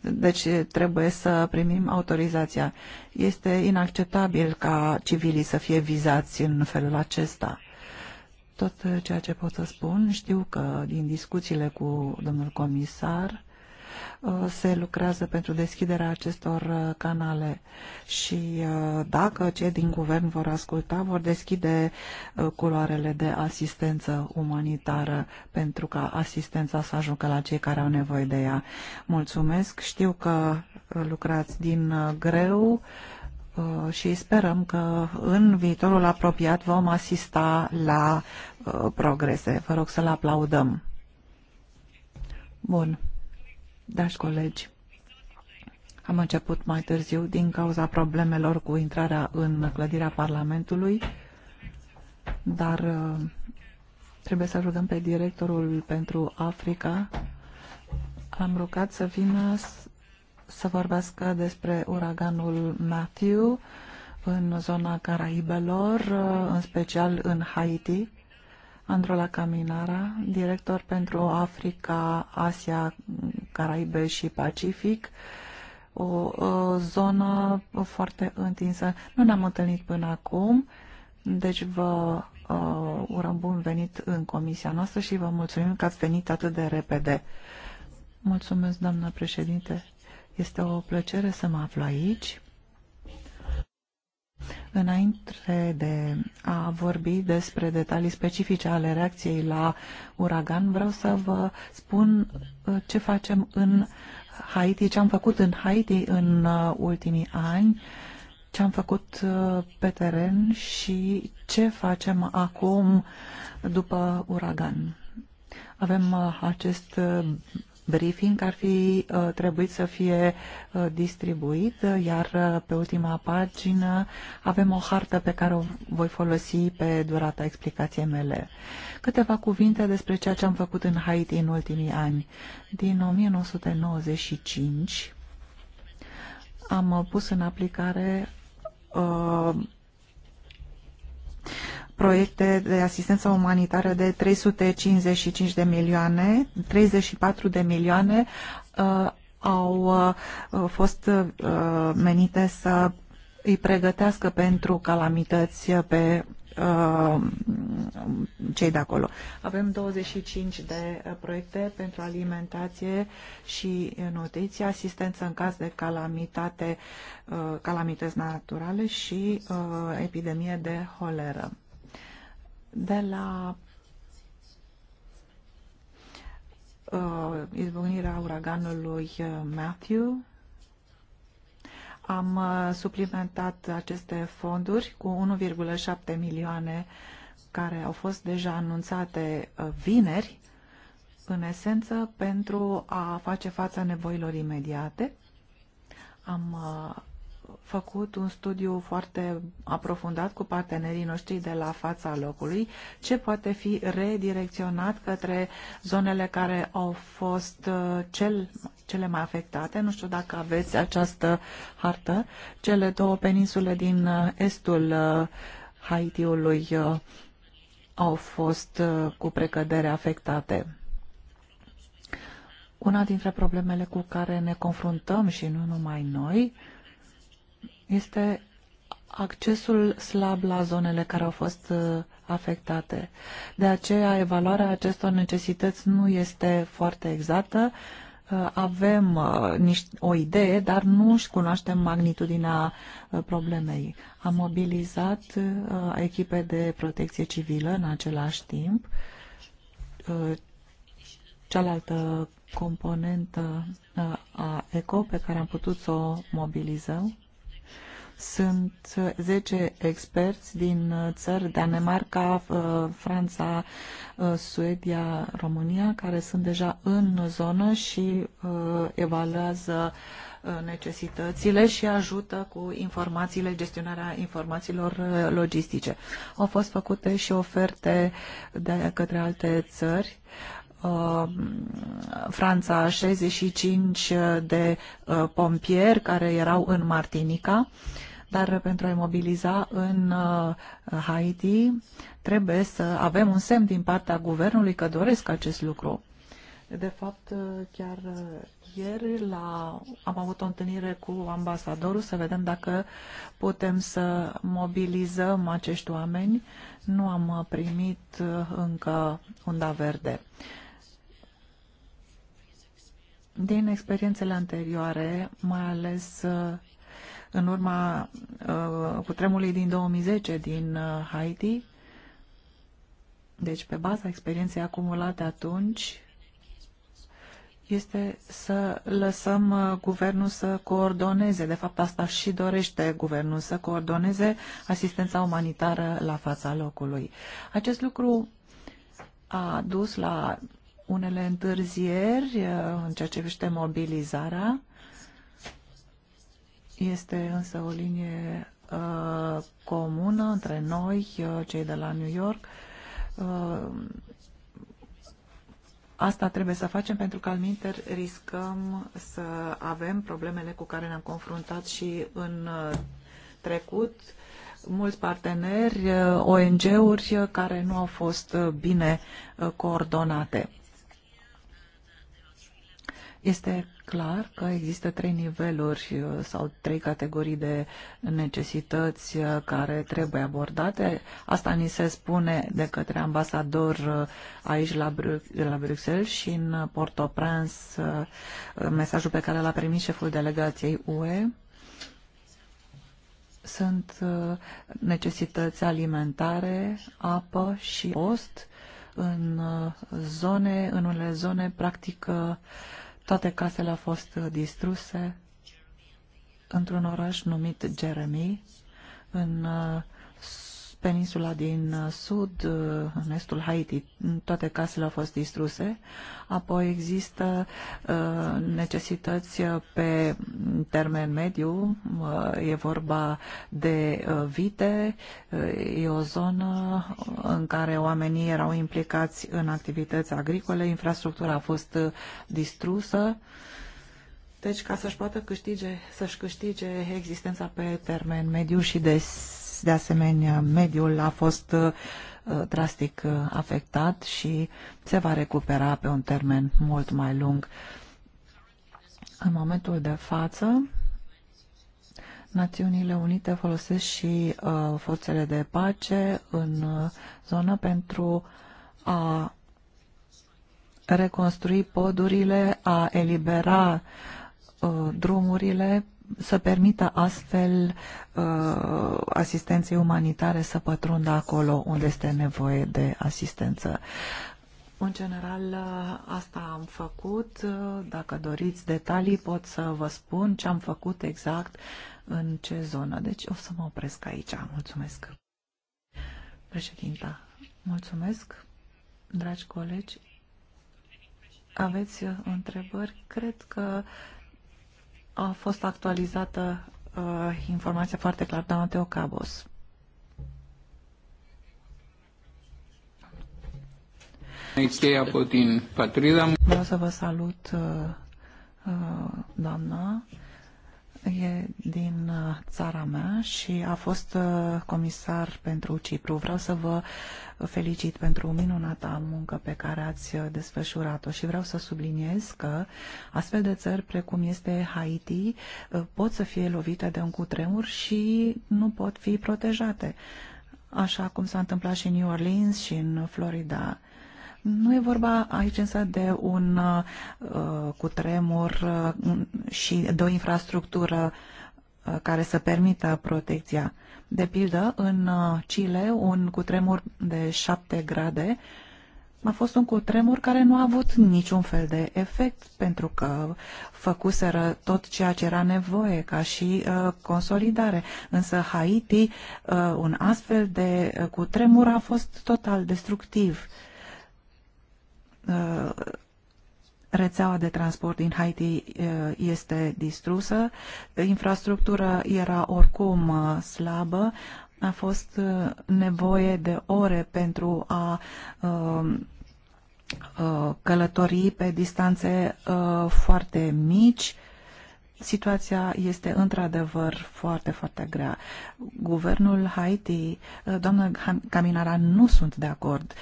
Deci trebuie să primim autorizația. Este inacceptabil ca civilii să fie vizați în felul acesta tot ceea ce pot să spun. Știu că din discuțiile cu domnul comisar uh, se lucrează pentru deschiderea acestor uh, canale și uh, dacă cei din guvern vor asculta, vor deschide culoarele de asistență umanitară pentru ca asistența să ajungă la cei care au nevoie de ea. Mulțumesc, știu că lucrați din greu Uh, și sperăm că în viitorul apropiat vom asista la uh, progrese. Vă rog să-l aplaudăm. Bun. Dași colegi, am început mai târziu din cauza problemelor cu intrarea în clădirea Parlamentului, dar uh, trebuie să rugăm pe directorul pentru Africa. Am rugat să vină să vorbească despre uraganul Matthew în zona Caraibelor, în special în Haiti. Androla Caminara, director pentru Africa, Asia, Caraibe și Pacific, o, o zonă foarte întinsă. Nu ne-am întâlnit până acum, deci vă uh, urăm bun venit în comisia noastră și vă mulțumim că ați venit atât de repede. Mulțumesc, doamnă președinte. Este o plăcere să mă aflu aici. Înainte de a vorbi despre detalii specifice ale reacției la uragan, vreau să vă spun uh, ce facem în Haiti, ce am făcut în Haiti în uh, ultimii ani, ce am făcut uh, pe teren și ce facem acum după uragan. Avem acest briefing ar fi uh, trebuit să fie uh, distribuit, uh, iar pe ultima pagină avem o hartă pe care o voi folosi pe durata explicației mele. Câteva cuvinte despre ceea ce am făcut în Haiti în ultimii ani. Din 1995 am pus în aplicare uh, proiecte de asistență umanitară de 355 de milioane, 34 de milioane uh, au uh, fost uh, menite să îi pregătească pentru calamități pe uh, cei de acolo. Avem 25 de proiecte pentru alimentație și nutriție, asistență în caz de calamitate, uh, calamități naturale și uh, epidemie de holeră de la uh, izbucnirea uraganului uh, Matthew. Am uh, suplimentat aceste fonduri cu 1,7 milioane care au fost deja anunțate uh, vineri, în esență pentru a face fața nevoilor imediate. Am uh, făcut un studiu foarte aprofundat cu partenerii noștri de la fața locului, ce poate fi redirecționat către zonele care au fost uh, cel, cele mai afectate. Nu știu dacă aveți această hartă. Cele două peninsule din uh, estul uh, Haitiului au fost cu precădere afectate. Una dintre problemele cu care ne confruntăm și nu numai noi, uh, este accesul slab la zonele care au fost uh, afectate. De aceea, evaluarea acestor necesități nu este foarte exactă. Uh, avem uh, o idee, dar nu își cunoaștem magnitudinea problemei. Am mobilizat echipe de protecție civilă în același timp. Cealaltă componentă a ECO pe care am putut să o mobilizăm sunt 10 uh, experți din uh, țări, Danemarca, uh, Franța, Suedia, România, care sunt deja în zonă și evaluează necesitățile și ajută cu informațiile, gestionarea informațiilor logistice. Au fost făcute și oferte de către alte țări Uh, Franța 65 de uh, pompieri care erau în Martinica, dar pentru a-i mobiliza în uh, Haiti trebuie să avem un semn din partea guvernului că doresc acest lucru. De fapt, chiar ieri la, am avut o întâlnire cu ambasadorul să vedem dacă putem să mobilizăm acești oameni. Nu am primit încă unda verde. Din experiențele anterioare, mai ales uh, în urma uh, cutremului din 2010 din uh, Haiti, deci pe baza experienței acumulate atunci, este să lăsăm guvernul să coordoneze, de fapt asta și dorește guvernul, să coordoneze asistența umanitară la fața locului. Acest lucru a dus la unele întârzieri uh, în ceea ce privește mobilizarea. Este însă o linie uh, comună între noi, uh, cei de la New York. Uh, asta trebuie să facem pentru că, alminter, riscăm să avem problemele cu care ne-am confruntat și în uh, trecut. Mulți parteneri, uh, ONG-uri care nu au fost bine coordonate. Este clar că există trei niveluri uh, sau trei categorii de necesități uh, care trebuie abordate. Asta ni se spune de către ambasador uh, aici la, Bru- la Bruxelles și în Port-au-Prince mesajul pe care l-a primit șeful delegației UE sunt necesități alimentare, apă și post în zone, în unele zone practic toate casele au fost uh, distruse într-un oraș numit Jeremy, în uh, peninsula din uh, sud, uh, în estul Haiti, toate casele au fost distruse, apoi există uh, necesități pe termen mediu, e vorba de vite, e o zonă în care oamenii erau implicați în activități agricole, infrastructura a fost distrusă, deci ca să-și poată câștige, să-și câștige existența pe termen mediu și de de asemenea, mediul a fost uh, drastic uh, afectat și se va recupera pe un termen mult mai lung. În momentul de față, Națiunile Unite folosesc și uh, forțele de pace în zonă pentru a reconstrui podurile, a elibera drumurile să permită astfel uh, asistenței umanitare să pătrundă acolo unde este nevoie de asistență. În general, uh, asta am făcut. Uh, dacă doriți detalii, pot să vă spun ce am făcut exact în ce zonă. Deci o să mă opresc aici. Mulțumesc. Președinta, mulțumesc. Dragi colegi, aveți uh, întrebări? Cred că a fost actualizată uh, informația foarte clar, doamna Teocabos. Vreau să vă salut, uh, uh doamna e din uh, țara mea și a fost uh, comisar pentru Cipru. Vreau să vă felicit pentru minunata muncă pe care ați uh, desfășurat-o și vreau să subliniez că astfel de țări precum este Haiti pot să fie lovite de un cutremur și nu pot fi protejate, așa cum s-a întâmplat și în New Orleans și în Florida nu e vorba aici însă de un uh, cutremur uh, și de o infrastructură uh, care să permită protecția. De pildă, în uh, Chile, un cutremur de 7 grade a fost un cutremur care nu a avut niciun fel de efect pentru că făcuseră tot ceea ce era nevoie ca și uh, consolidare. Însă Haiti, uh, un astfel de uh, cutremur a fost total destructiv. Uh, Uh, rețeaua de transport din Haiti uh, este distrusă, infrastructura era oricum uh, slabă, a fost nevoie de ore pentru a călători pe distanțe foarte mici. Situația este într-adevăr foarte, foarte grea. Guvernul Haiti, doamnă Caminara, nu sunt de acord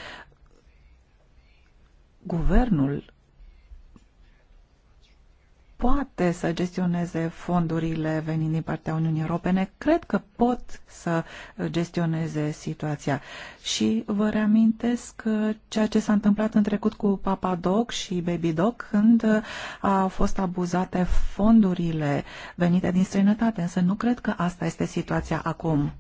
guvernul poate să gestioneze fondurile venind din partea Uniunii Europene, cred că pot să gestioneze situația. Și vă reamintesc ceea ce s-a întâmplat în trecut cu Papa Doc și Baby Doc când au fost abuzate fondurile venite din străinătate, însă nu cred că asta este situația acum.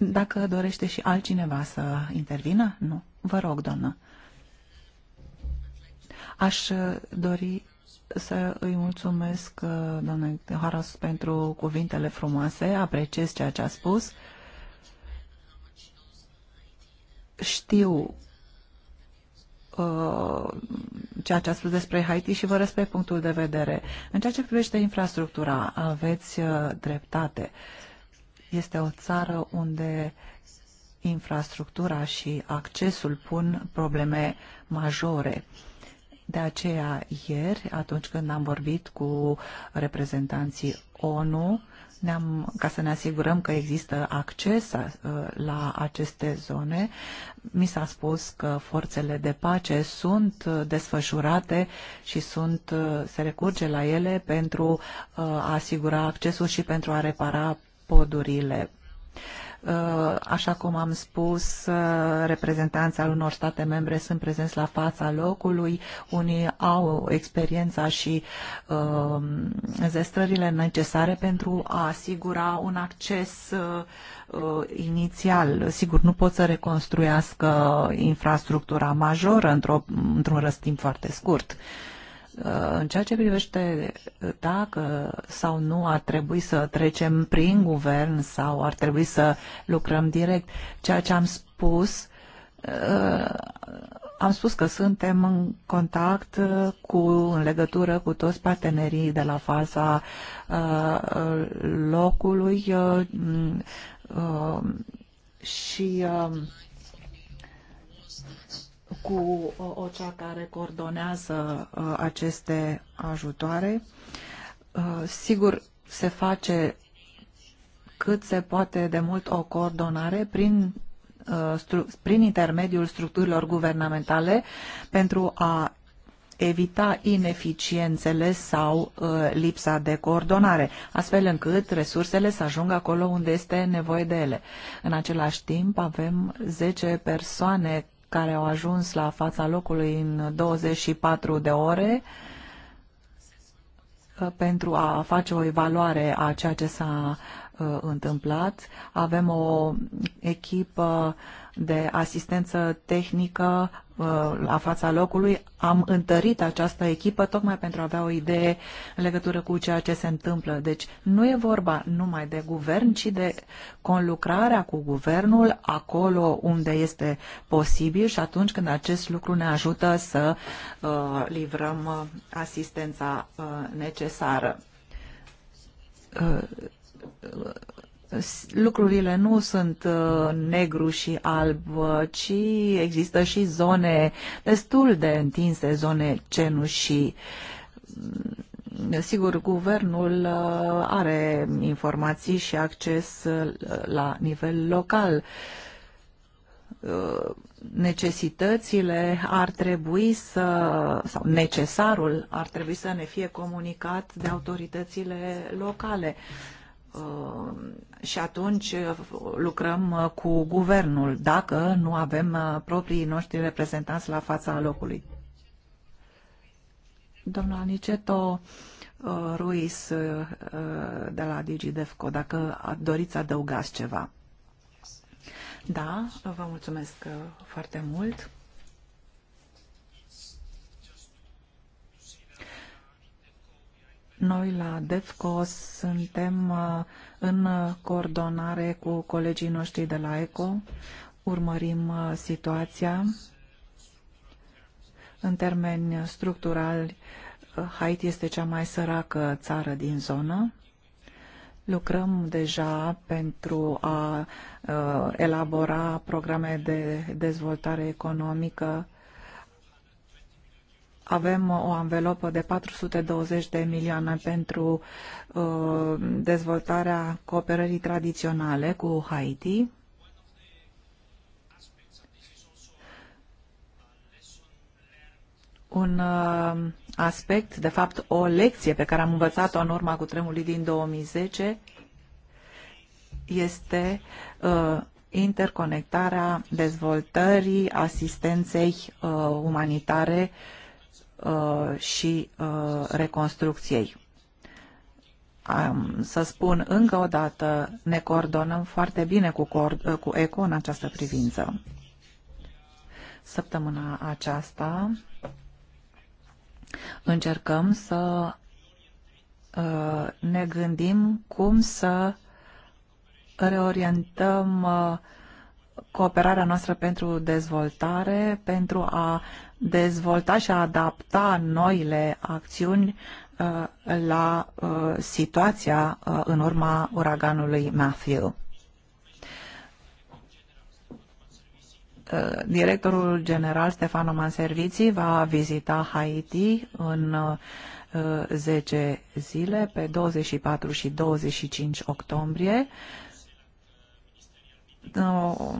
Dacă dorește și altcineva să intervină? Nu. Vă rog, doamnă. Aș dori să îi mulțumesc, uh, doamne Haras, pentru cuvintele frumoase. Apreciez ceea ce a spus. Știu uh, ceea ce a spus despre Haiti și vă respect punctul de vedere. În ceea ce privește infrastructura, aveți uh, dreptate. Uh, este o țară unde infrastructura și accesul pun probleme majore. De aceea, ieri, atunci când am vorbit cu reprezentanții ONU, ne-am, ca să ne asigurăm că există acces uh, la aceste zone, mi s-a spus că forțele de pace sunt uh, desfășurate și sunt, uh, se recurge la ele pentru a asigura accesul și pentru a repara podurile. Uh, așa cum am spus, uh, reprezentanții al unor state membre sunt prezenți la fața locului, unii au experiența și uh, zestrările necesare pentru a asigura un acces uh, uh inițial. Sigur, nu pot să reconstruiască infrastructura majoră într-un într foarte scurt. Uh, în ceea ce privește dacă sau nu ar trebui să trecem prin guvern sau ar trebui să lucrăm direct, ceea ce am spus, uh, am spus că suntem în contact cu, în legătură cu toți partenerii de la faza uh, locului uh, și cu OCEA care coordonează uh, aceste ajutoare. Uh, sigur, se face cât se poate de mult o coordonare prin, uh, prin intermediul structurilor guvernamentale pentru a evita ineficiențele sau uh, lipsa de coordonare, astfel încât resursele să ajungă acolo unde este nevoie de ele. În același timp, avem 10 persoane care au ajuns la fața locului în 24 de ore uh, pentru a face o evaluare a ceea ce s-a uh, întâmplat. Avem o echipă de asistență tehnică uh, la fața locului. Am întărit această echipă tocmai pentru a avea o idee în legătură cu ceea ce se întâmplă. Deci nu e vorba numai de guvern, ci de conlucrarea cu guvernul acolo unde este posibil și atunci când acest lucru ne ajută să uh, livrăm uh, asistența uh, necesară. Uh, lucrurile nu sunt uh, negru și alb, ci există și zone destul de întinse, zone cenușii. Sigur, guvernul uh, are informații și acces uh, la nivel local. Necesitățile ar trebui să, sau necesarul ar trebui să ne fie comunicat de autoritățile locale. Uh, Uh, și atunci uh, lucrăm uh, cu guvernul, dacă nu avem proprii noștri reprezentanți la fața locului. Domnul Aniceto Ruiz de la DigiDefco, dacă doriți adăugați ceva. Da, vă mulțumesc foarte mult. Noi la DEFCO suntem uh, în coordonare cu colegii noștri de la ECO, urmărim uh, situația în termeni structurali. Uh, Haiti este cea mai săracă țară din zonă. Lucrăm deja pentru a elabora programe de dezvoltare economică avem o anvelopă de 420 de milioane pentru uh, dezvoltarea cooperării tradiționale cu Haiti. Un uh, aspect, de fapt o lecție pe care am învățat-o în urma cu tremului din 2010 este uh, interconectarea dezvoltării asistenței uh, umanitare uh, Uh, și uh, reconstrucției. Să spun încă o dată, ne coordonăm foarte bine cu, uh, cu ECO în această privință. Săptămâna aceasta încercăm să ne gândim cum să reorientăm uh, cooperarea noastră pentru dezvoltare, pentru a dezvolta și a adapta noile acțiuni uh, la uh, situația uh, în urma uraganului Matthew. Directorul general Stefano Manservici va vizita Haiti în 10 zile, pe 24 și 25 octombrie, Uh,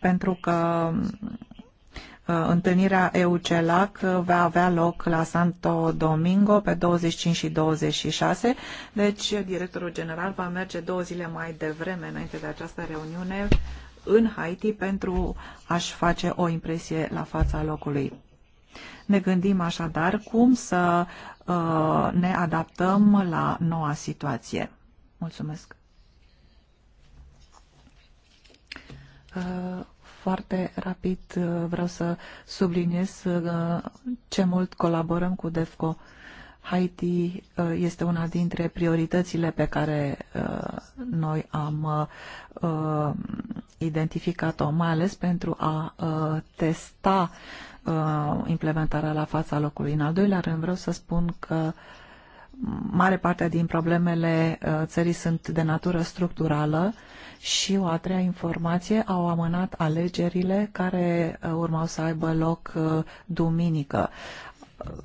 pentru că uh, întâlnirea EUCELAC va avea loc la Santo Domingo pe 25 și 26, deci directorul general va merge două zile mai devreme înainte de această reuniune în Haiti pentru a-și face o impresie la fața locului. Ne gândim așadar cum să uh, ne adaptăm la noua situație. Mulțumesc! Uh, foarte rapid uh, vreau să subliniez uh, ce mult colaborăm cu DEFCO. Haiti este una dintre prioritățile pe care noi am identificat-o, mai ales pentru a testa implementarea la fața locului. În al doilea rând vreau să spun că mare parte din problemele țării sunt de natură structurală și o a treia informație, au amânat alegerile care uh, urmau să aibă loc uh, duminică. Uh,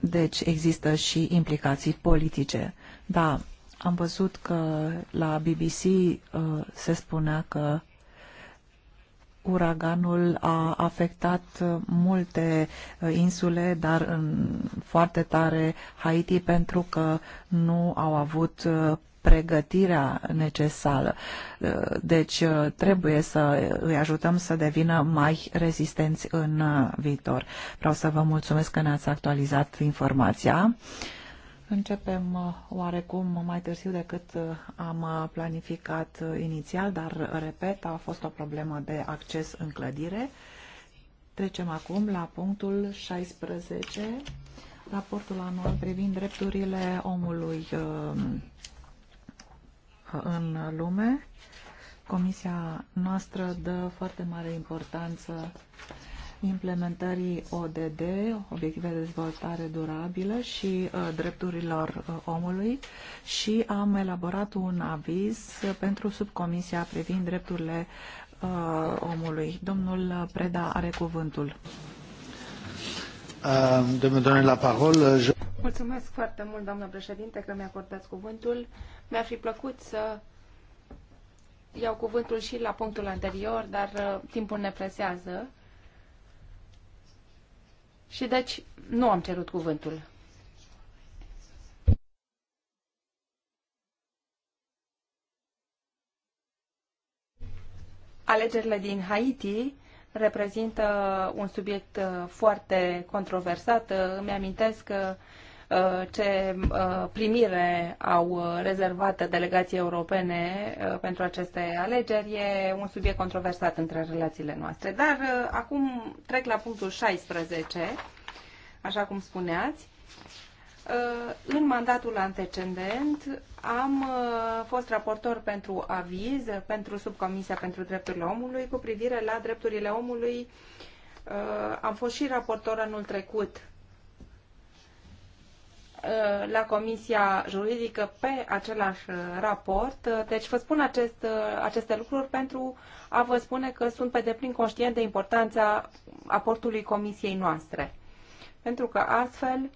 deci există și implicații politice. Da, am văzut că la BBC se spunea că uraganul a afectat multe insule, dar în foarte tare Haiti pentru că nu au avut pregătirea necesară. Uh, deci uh, trebuie să îi ajutăm să devină mai rezistenți în uh, viitor. Vreau să vă mulțumesc că ne-ați actualizat informația. Începem oarecum mai târziu decât am planificat inițial, dar, repet, a fost o problemă de acces în clădire. Trecem acum la punctul 16, raportul anual privind drepturile omului în lume. Comisia noastră dă foarte mare importanță implementării ODD, obiective de dezvoltare durabilă și uh, drepturilor uh, omului și am elaborat un aviz pentru subcomisia privind drepturile uh, omului. Domnul Preda are cuvântul. Uh, de la parole, uh, je... Mulțumesc foarte mult, doamnă președinte, că mi acordat cuvântul. Uh, mi-ar fi plăcut să iau cuvântul și la punctul anterior, dar uh, timpul ne presează. Și deci nu am cerut cuvântul. Alegerile din Haiti reprezintă un subiect uh, foarte controversat. Uh, îmi amintesc că Uh, ce uh, primire au uh, rezervat delegații europene pentru aceste alegeri. E un subiect controversat între relațiile noastre. Dar acum trec la punctul 16, așa cum spuneați. În mandatul antecedent am fost raportor pentru aviz pentru Subcomisia pentru Drepturile Omului cu privire la drepturile omului. Am fost și raportor anul trecut Uh, la Comisia Juridică pe același uh, raport. Uh, deci vă spun acest, aceste lucruri pentru a vă spune că sunt pe deplin conștient de importanța aportului Comisiei noastre. Pentru că astfel,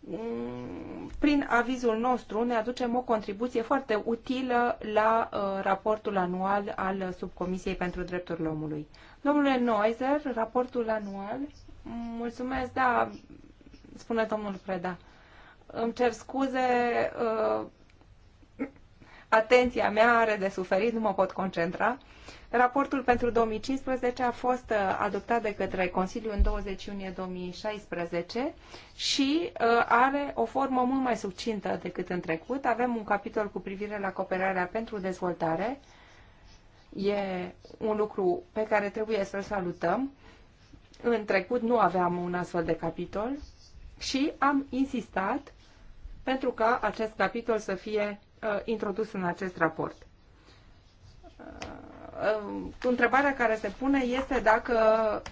mm, prin avizul nostru, ne aducem o contribuție foarte utilă la raportul anual al Subcomisiei pentru Drepturile Omului. Domnule Noizer, raportul anual Mulțumesc, da, spune domnul Preda. Îmi cer scuze, uh, atenția mea are de suferit, nu mă pot concentra. Raportul pentru 2015 a fost uh, adoptat de către Consiliu în 20 iunie 2016 și uh, are o formă mult mai succintă decât în trecut. Avem un capitol cu privire la cooperarea pentru dezvoltare. E un lucru pe care trebuie să-l salutăm. În trecut nu aveam un astfel de capitol și am insistat pentru ca acest capitol să fie uh, introdus în acest raport. Uh, uh, întrebarea care se pune este dacă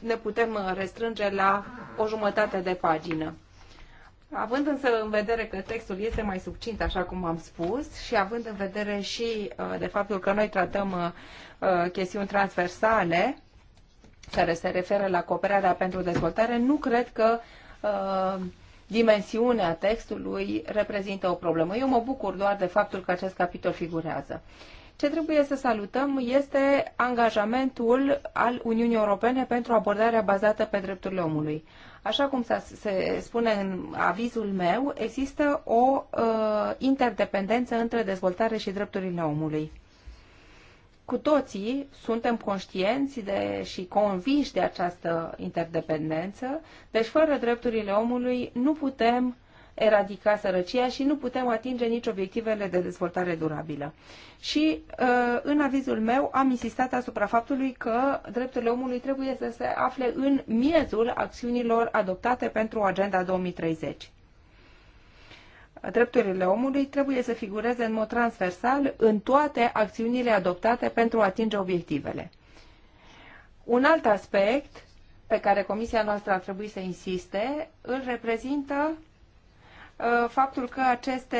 ne putem restrânge la o jumătate de pagină. Având însă în vedere că textul este mai subțint, așa cum am spus, și având în vedere și uh, de faptul că noi tratăm uh, uh chestiuni transversale care se referă la cooperarea pentru dezvoltare, nu cred că uh, Uh, dimensiunea textului reprezintă o problemă. Eu mă bucur doar de faptul că acest capitol figurează. Ce trebuie să salutăm este angajamentul al Uniunii Europene pentru abordarea bazată pe drepturile omului. Așa cum se spune în avizul meu, există o uh, interdependență între dezvoltare și drepturile omului. Cu toții suntem conștienți de, și conviși de această interdependență, deci fără drepturile omului nu putem eradica sărăcia și nu putem atinge nici obiectivele de dezvoltare durabilă. Și uh, în avizul meu am insistat asupra faptului că drepturile omului trebuie să se afle în miezul acțiunilor adoptate pentru Agenda 2030 drepturile omului trebuie să figureze în mod transversal în toate acțiunile adoptate pentru a atinge obiectivele. Un alt aspect pe care comisia noastră ar trebui să insiste îl reprezintă uh, faptul că aceste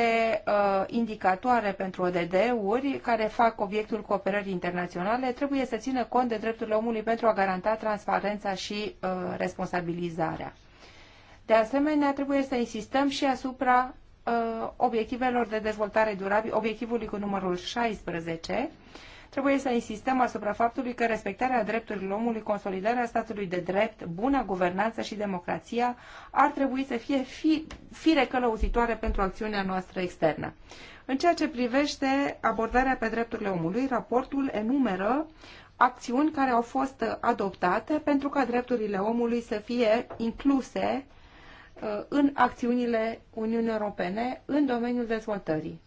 uh, indicatoare pentru ODD-uri care fac obiectul cooperării internaționale trebuie să țină cont de drepturile omului pentru a garanta transparența și uh, responsabilizarea. De asemenea, trebuie să insistăm și asupra Uh, obiectivelor de dezvoltare durabilă, obiectivului cu numărul 16, trebuie să insistăm asupra faptului că respectarea drepturilor omului, consolidarea statului de drept, buna guvernanță și democrația ar trebui să fie fi, fire călăuzitoare pentru acțiunea noastră externă. În ceea ce privește abordarea pe drepturile omului, raportul enumeră acțiuni care au fost adoptate pentru ca drepturile omului să fie incluse Uh, în acțiunile Uniunii Europene în domeniul dezvoltării.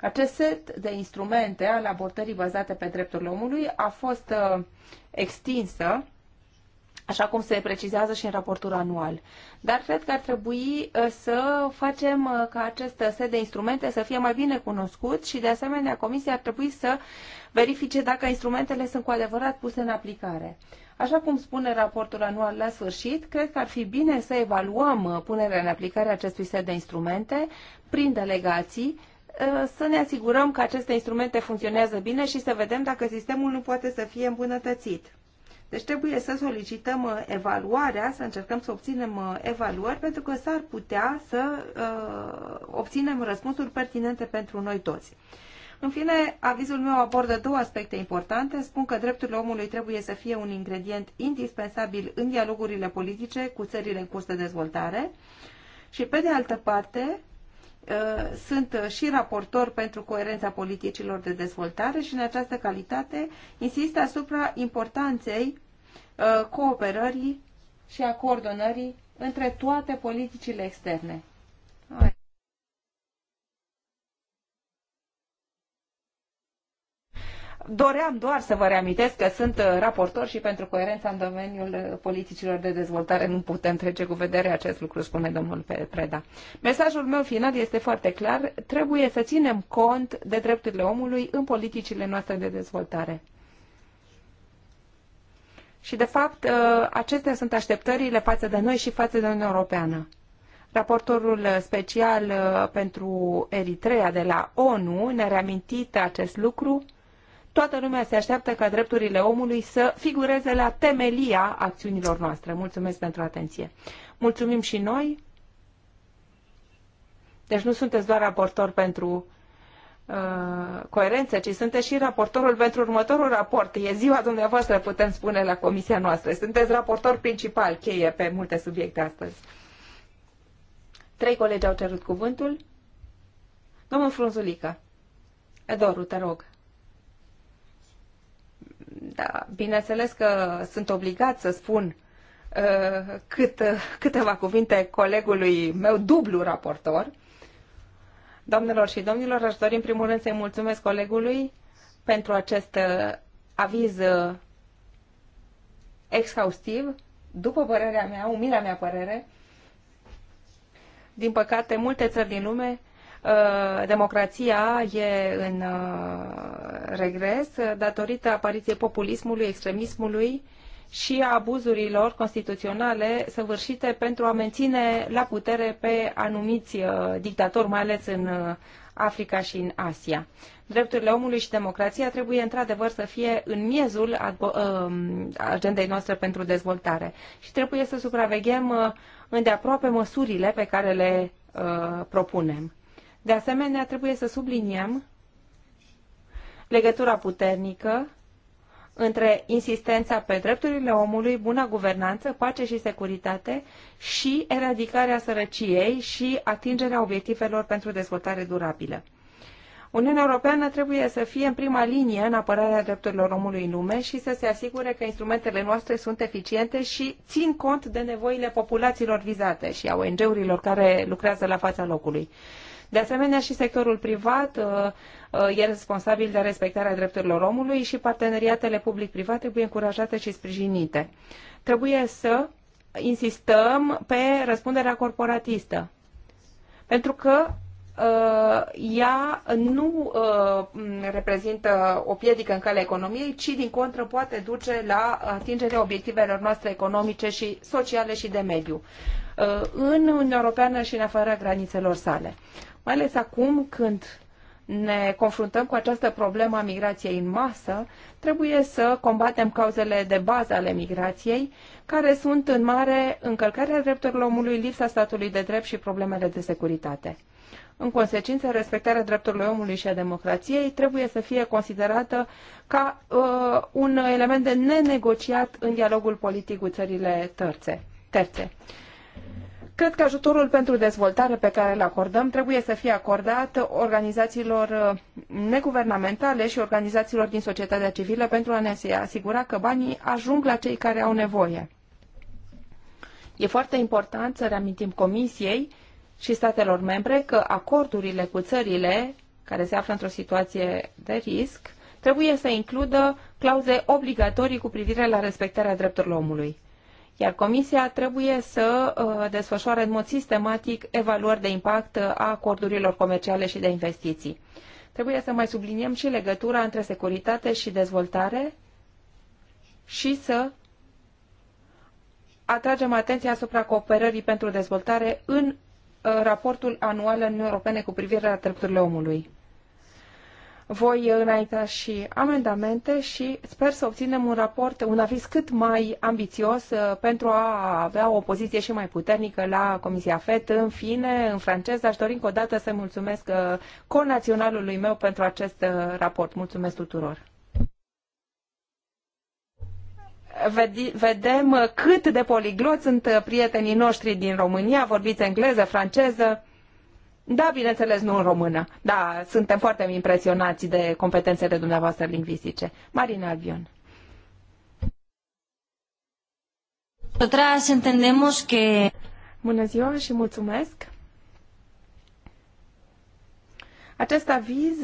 Acest set de instrumente al abordării bazate pe drepturile omului a fost uh, extinsă, așa cum se precizează și în raportul anual. Dar cred că ar trebui uh, să facem ca acest set de instrumente să fie mai bine cunoscut și, de asemenea, Comisia ar trebui să verifice dacă instrumentele sunt cu adevărat puse în aplicare. Așa cum spune raportul anual la sfârșit, cred că ar fi bine să evaluăm uh, punerea în aplicare acestui set de instrumente prin delegații, uh, să ne asigurăm că aceste instrumente funcționează bine și să vedem dacă sistemul nu poate să fie îmbunătățit. Deci trebuie să solicităm uh, evaluarea, să încercăm să obținem evaluări, pentru că s-ar putea să uh, obținem răspunsuri pertinente pentru noi toți. În fine, avizul meu abordă două aspecte importante. Spun că drepturile omului trebuie să fie un ingredient indispensabil în dialogurile politice cu țările în curs de dezvoltare și, pe de altă parte, ă, sunt și raportor pentru coerența politicilor de dezvoltare și în această calitate insist asupra importanței ă, cooperării și a coordonării între toate politicile externe. doream doar să vă reamintesc că sunt uh, raportor și pentru coerența în domeniul uh, politicilor de dezvoltare nu putem trece cu vedere acest lucru, spune domnul Preda. Mesajul meu final este foarte clar. Trebuie să ținem cont de drepturile omului în politicile noastre de dezvoltare. Și, de fapt, uh, acestea sunt așteptările față de noi și față de Uniunea Europeană. Raportorul special pentru Eritrea de la ONU ne-a reamintit acest lucru toată lumea se așteaptă ca drepturile omului să figureze la temelia acțiunilor noastre. Mulțumesc pentru atenție. Mulțumim și noi. Deci nu sunteți doar raportor pentru uh, coerență, ci sunteți și raportorul pentru următorul raport. E ziua dumneavoastră, putem spune, la comisia noastră. Sunteți raportor principal, cheie pe multe subiecte astăzi. Trei colegi au cerut cuvântul. Domnul Frunzulică. Edoru, te rog. Da, bineînțeles că sunt obligat să spun uh, cât, câteva cuvinte colegului meu, dublu raportor. Doamnelor și domnilor, aș dori în primul rând să-i mulțumesc colegului pentru acest uh, aviz uh, exhaustiv, după părerea mea, umirea mea părere. Din păcate, multe țări din lume Uh, democrația e în uh, regres uh, datorită apariției populismului, extremismului și a abuzurilor constituționale săvârșite pentru a menține la putere pe anumiți dictatori, mai ales în Africa și în Asia. Drepturile omului și democrația trebuie într-adevăr să fie în miezul agendei noastre pentru dezvoltare și trebuie să supraveghem îndeaproape măsurile pe care le propunem. De asemenea, trebuie să subliniem legătura puternică între insistența pe drepturile omului, buna guvernanță, pace și securitate și eradicarea sărăciei și atingerea obiectivelor pentru dezvoltare durabilă. Uniunea Europeană trebuie să fie în prima linie în apărarea drepturilor omului în lume și să se asigure că instrumentele noastre sunt eficiente și țin cont de nevoile populațiilor vizate și a ONG-urilor care lucrează la fața locului. De asemenea, și sectorul privat uh, uh, e responsabil de respectarea drepturilor omului și parteneriatele public-privat trebuie încurajate și sprijinite. Trebuie să insistăm pe răspunderea corporatistă. Pentru că uh, ea nu reprezintă o piedică în calea economiei, ci din contră poate duce la atingerea obiectivelor noastre economice și sociale și de mediu în Uniunea Europeană și în afara granițelor sale mai ales acum când ne confruntăm cu această problemă a migrației în masă, trebuie să combatem cauzele de bază ale migrației, care sunt în mare încălcarea drepturilor omului, lipsa statului de drept și problemele de securitate. În consecință, respectarea drepturilor omului și a democrației trebuie să fie considerată ca uh, un element de nenegociat în dialogul politic cu țările terțe. terțe. Cred că ajutorul pentru dezvoltare pe care îl acordăm trebuie să fie acordat organizațiilor uh, neguvernamentale și organizațiilor din societatea civilă pentru a ne asigura că banii ajung la cei care au nevoie. E foarte important să reamintim Comisiei și statelor membre că acordurile cu țările care se află într-o situație de risc trebuie să includă clauze obligatorii cu privire la respectarea drepturilor omului iar Comisia trebuie să uh, desfășoare în mod sistematic evaluări de impact a acordurilor comerciale și de investiții. Trebuie să mai subliniem și legătura între securitate și dezvoltare și să atragem atenția asupra cooperării pentru dezvoltare în uh, raportul anual în Europene cu privire la drepturile omului. Voi înainta și amendamente și sper să obținem un raport, un aviz cât mai ambițios uh, pentru a avea o poziție și mai puternică la Comisia FET. În fine, în franceză, aș dori încă o dată să mulțumesc uh, conaționalului meu pentru acest uh, raport. Mulțumesc tuturor! vedem cât de poliglot sunt prietenii noștri din România, vorbiți engleză, franceză. Da, bineînțeles, nu în română. Da, suntem foarte impresionați de competențele dumneavoastră lingvistice. Marina Albion. Nosotras entendemos que... Bună ziua și mulțumesc. Acest aviz,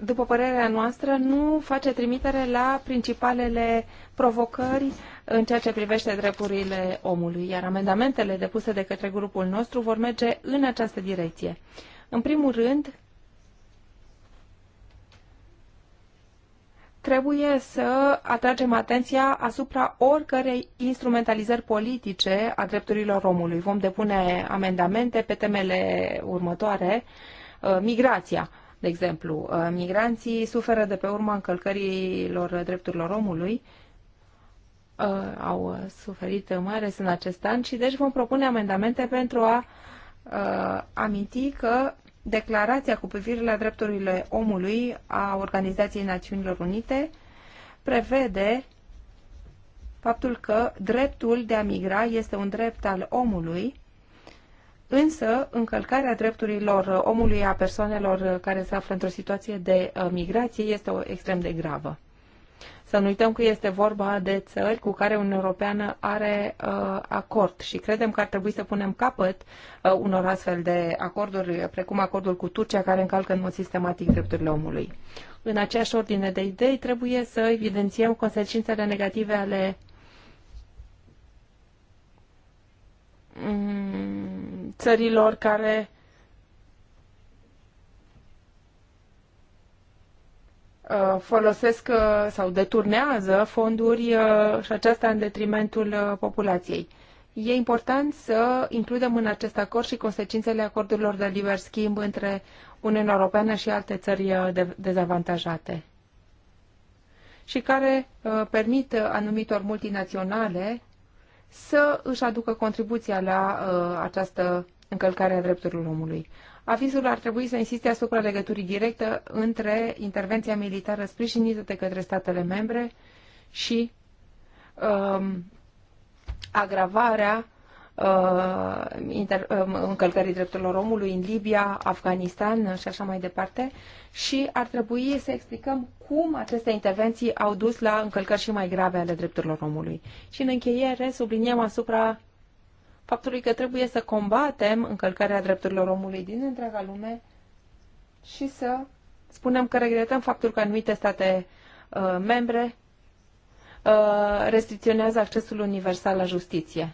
după părerea noastră, nu face trimitere la principalele provocări în ceea ce privește drepturile omului, iar amendamentele depuse de către grupul nostru vor merge în această direcție. În primul rând, trebuie să atragem atenția asupra oricărei instrumentalizări politice a drepturilor omului. Vom depune amendamente pe temele următoare, uh, migrația. De exemplu, uh, migranții suferă de pe urma încălcărilor drepturilor omului, Uh, au suferit mai ales în acest an și deci vom propune amendamente pentru a uh, aminti că declarația cu privire la drepturile omului a Organizației Națiunilor Unite prevede faptul că dreptul de a migra este un drept al omului, însă încălcarea drepturilor omului a persoanelor care se află într-o situație de uh, migrație este o extrem de gravă. Să nu uităm că este vorba de țări cu care Uniunea Europeană are uh, acord și credem că ar trebui să punem capăt uh, unor astfel de acorduri, precum acordul cu Turcia, care încalcă în mod sistematic drepturile omului. În aceeași ordine de idei, trebuie să evidențiem consecințele negative ale mm, țărilor care Uh, folosesc uh, sau deturnează fonduri uh, și aceasta în detrimentul populației. E important să includem în acest acord și consecințele acordurilor de liber schimb între Uniunea Europeană și alte țări dezavantajate și care permit anumitor multinaționale să își aducă contribuția la această încălcarea drepturilor omului. Avizul ar trebui să insiste asupra legăturii directe între intervenția militară sprijinită de către statele membre și um, agravarea uh, inter, um, încălcării drepturilor omului în Libia, Afganistan și așa mai departe și ar trebui să explicăm cum aceste intervenții au dus la încălcări și mai grave ale drepturilor omului. Și în încheiere subliniem asupra faptului că trebuie să combatem încălcarea drepturilor omului din întreaga lume și să spunem că regretăm faptul că anumite state uh, membre uh, restricționează accesul universal la justiție.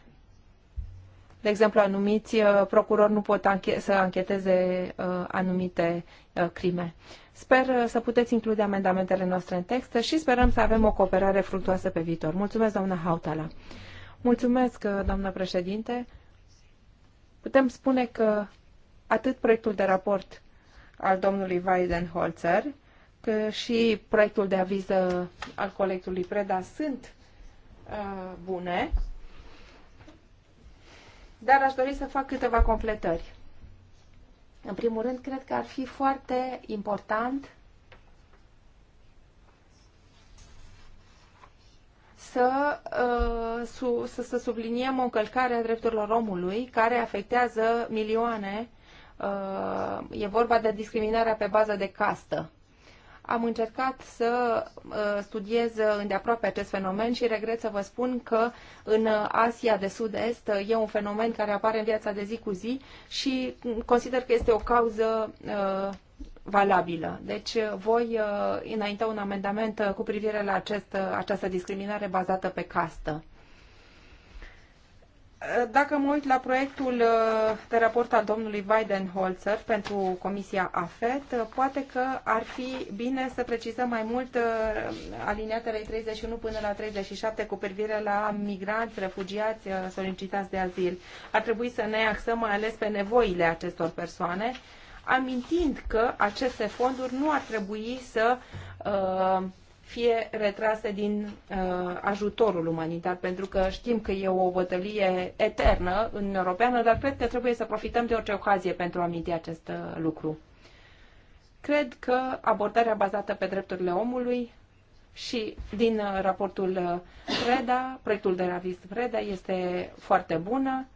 De exemplu, anumiți uh, procurori nu pot anche- să ancheteze uh, anumite uh, crime. Sper uh, să puteți include amendamentele noastre în text și sperăm să avem o cooperare fructuoasă pe viitor. Mulțumesc, doamna Hautala. Mulțumesc, uh, doamnă președinte. Putem spune că atât proiectul de raport al domnului Weidenholzer, că și proiectul de aviz uh, al colectului Preda sunt uh, bune, dar aș dori să fac câteva completări. În primul rând, cred că ar fi foarte important să, uh, să, să subliniem o încălcare a drepturilor omului care afectează milioane. Uh, e vorba de discriminarea pe bază de castă. Am încercat să uh, studiez îndeaproape acest fenomen și regret să vă spun că în Asia de Sud-Est e un fenomen care apare în viața de zi cu zi și consider că este o cauză valabilă. Deci uh, voi uh, înainta un amendament uh, cu privire la acest, această discriminare bazată pe castă. Dacă mă uit la proiectul de raport al domnului Weidenholzer pentru Comisia AFET, poate că ar fi bine să precizăm mai mult aliniatele 31 până la 37 cu privire la migranți, refugiați, solicitați de azil. Ar trebui să ne axăm mai ales pe nevoile acestor persoane amintind că aceste fonduri nu ar trebui să uh, fie retrase din uh, ajutorul umanitar, pentru că știm că e o bătălie eternă în Europeană, dar cred că trebuie să profităm de orice ocazie pentru a aminti acest uh, lucru. Cred că abordarea bazată pe drepturile omului și din uh, raportul Preda, uh, proiectul de raviz Preda, este foarte bună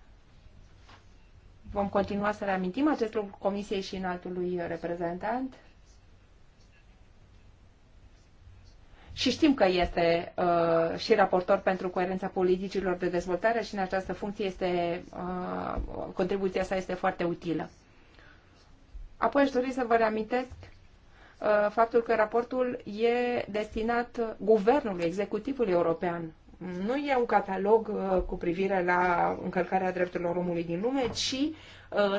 vom continua să reamintim acest lucru Comisiei și înaltului reprezentant. Și știm că este uh, și raportor pentru coerența politicilor de dezvoltare și în această funcție este, uh, contribuția sa este foarte utilă. Apoi aș dori să vă reamintesc uh, faptul că raportul e destinat guvernului, executivului european, nu e un catalog uh, cu privire la încălcarea drepturilor omului din lume, ci uh,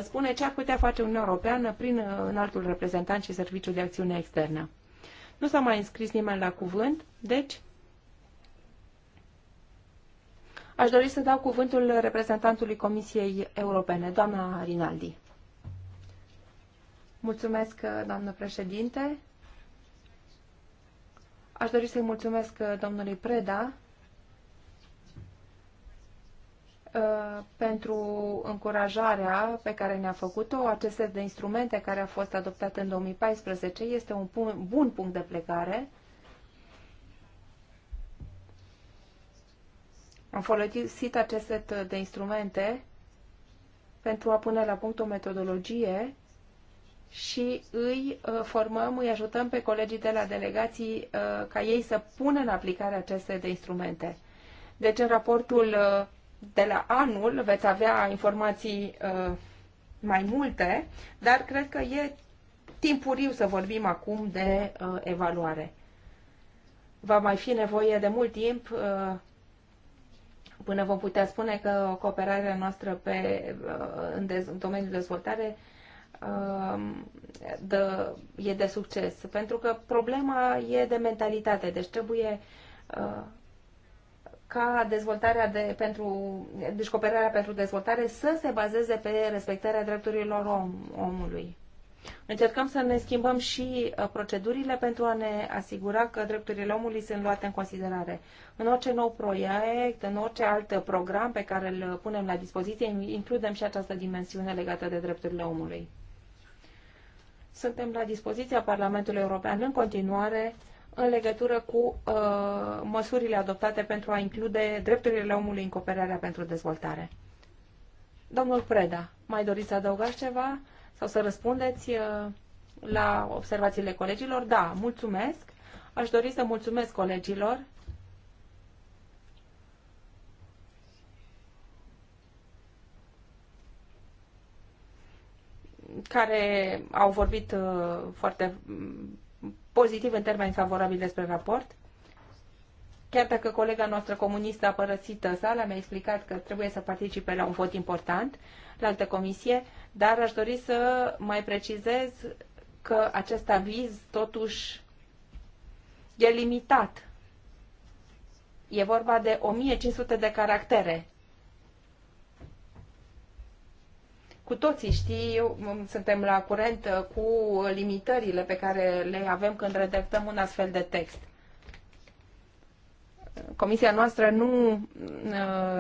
spune ce ar putea face Uniunea Europeană prin uh, înaltul reprezentant și Serviciul de Acțiune Externă. Nu s-a mai înscris nimeni la cuvânt, deci aș dori să dau cuvântul reprezentantului Comisiei Europene, doamna Rinaldi. Mulțumesc, doamnă președinte. Aș dori să-i mulțumesc domnului Preda Uh, pentru încurajarea pe care ne-a făcut-o. Acest set de instrumente care a fost adoptat în 2014 este un bun punct de plecare. Am folosit acest set de instrumente pentru a pune la punct o metodologie și îi uh, formăm, îi ajutăm pe colegii de la delegații uh, ca ei să pună în aplicare aceste de instrumente. Deci în raportul de la anul veți avea informații uh, mai multe, dar cred că e timpuriu să vorbim acum de uh, evaluare. Va mai fi nevoie de mult timp uh, până vom putea spune că cooperarea noastră pe, în, dez, în domeniul dezvoltare um, de, e de succes. Pentru că problema e de mentalitate, deci trebuie ca dezvoltarea de, pentru, deci cooperarea pentru dezvoltare să se bazeze pe respectarea drepturilor om, omului. Încercăm să ne schimbăm și uh, procedurile pentru a ne asigura că drepturile omului sunt luate în considerare. În orice nou proiect, în orice alt program pe care îl punem la dispoziție, includem și această dimensiune legată de drepturile omului. Suntem la dispoziția Parlamentului European în continuare în legătură cu uh, măsurile adoptate pentru a include drepturile omului în cooperarea pentru dezvoltare. Domnul Preda, mai doriți să adăugați ceva sau să răspundeți uh, la observațiile colegilor? Da, mulțumesc. Aș dori să mulțumesc colegilor care au vorbit uh, foarte pozitiv în termeni favorabili despre raport. Chiar dacă colega noastră comunistă a părăsit sala, mi-a explicat că trebuie să participe la un vot important, la altă comisie, dar aș dori să mai precizez că acest aviz totuși e limitat. E vorba de 1500 de caractere Cu toții știu, suntem la curent uh, cu limitările pe care le avem când redactăm un astfel de text. Comisia noastră nu uh,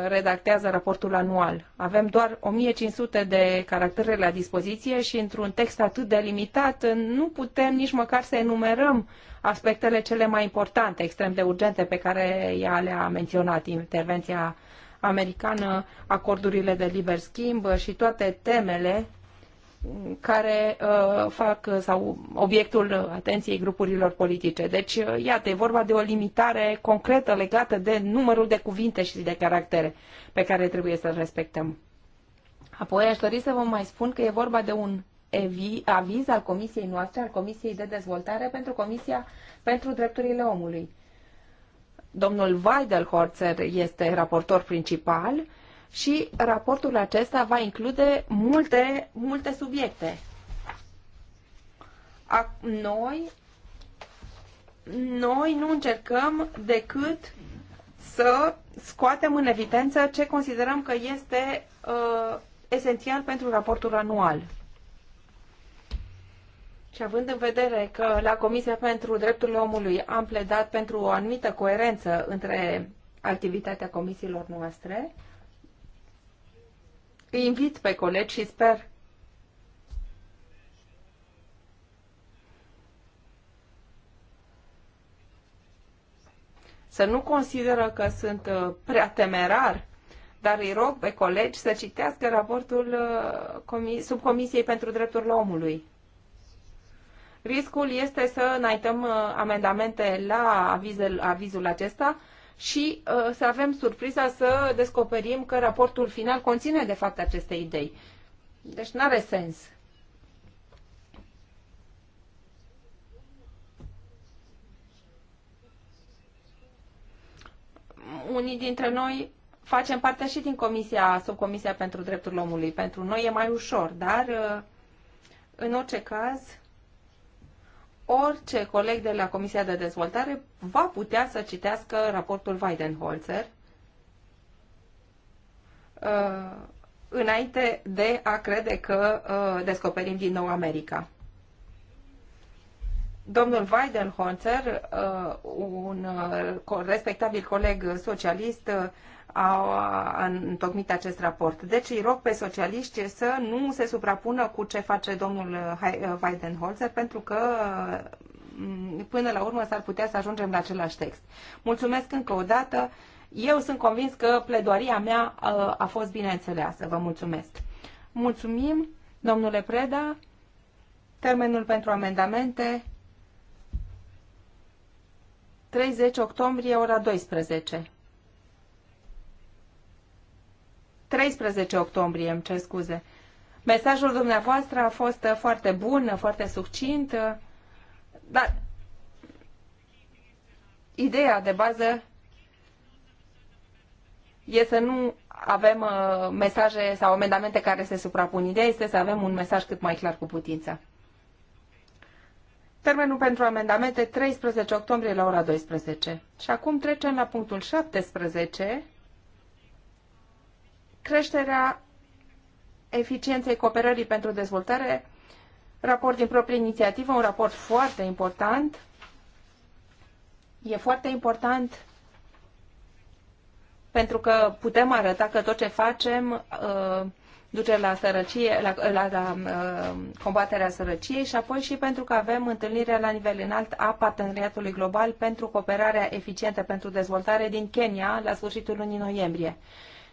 redactează raportul anual. Avem doar 1500 de caractere la dispoziție și într-un text atât de limitat uh, nu putem nici măcar să enumerăm aspectele cele mai importante, extrem de urgente pe care ea le-a menționat intervenția americană, acordurile de liber schimb și toate temele care uh, fac uh, sau obiectul atenției grupurilor politice. Deci, uh, iată, e vorba de o limitare concretă legată de numărul de cuvinte și de caractere pe care trebuie să-l respectăm. Apoi aș dori să vă mai spun că e vorba de un aviz al comisiei noastre, al Comisiei de Dezvoltare pentru Comisia pentru Drepturile Omului. Domnul Weidelhorzer este raportor principal și raportul acesta va include multe, multe subiecte. A, noi, noi nu încercăm decât să scoatem în evidență ce considerăm că este uh, esențial pentru raportul anual. Și având în vedere că la Comisia pentru Drepturile Omului am pledat pentru o anumită coerență între activitatea comisiilor noastre, îi invit pe colegi și sper să nu consideră că sunt uh, prea temerar, dar îi rog pe colegi să citească raportul uh, subcomisiei pentru drepturile omului Riscul este să înaintăm uh, amendamente la avizul, avizul acesta și uh, să avem surpriza să descoperim că raportul final conține de fapt aceste idei. Deci nu are sens. Unii dintre noi facem parte și din comisia, subcomisia pentru drepturile omului. Pentru noi e mai ușor, dar uh, în orice caz, orice coleg de la Comisia de Dezvoltare va putea să citească raportul Weidenholzer uh, înainte de a crede că uh, descoperim din nou America. Domnul Weidenholzer, uh, un respectabil coleg socialist, au întocmit acest raport. Deci îi rog pe socialiști să nu se suprapună cu ce face domnul uh, uh, Weidenholzer, pentru că mm, până la urmă s-ar putea să ajungem la același text. Mulțumesc încă o dată. Eu sunt convins că pledoaria mea uh, a fost bine înțeleasă. Vă mulțumesc. Mulțumim, domnule Preda. Termenul pentru amendamente 30 octombrie, ora 12. 13 octombrie, îmi cer scuze. Mesajul dumneavoastră a fost foarte bun, foarte succint, dar ideea de bază e să nu avem uh, mesaje sau amendamente care se suprapun. Ideea este să avem un mesaj cât mai clar cu putință. Termenul pentru amendamente 13 octombrie la ora 12. Și acum trecem la punctul 17, creșterea eficienței cooperării pentru dezvoltare, raport din proprie inițiativă, un raport foarte important. E foarte important pentru că putem arăta că tot ce facem uh, duce la sărăcie, la, la, la uh, combaterea sărăciei și apoi și pentru că avem întâlnirea la nivel înalt a parteneriatului global pentru cooperarea eficientă pentru dezvoltare din Kenya la sfârșitul lunii noiembrie. Uh,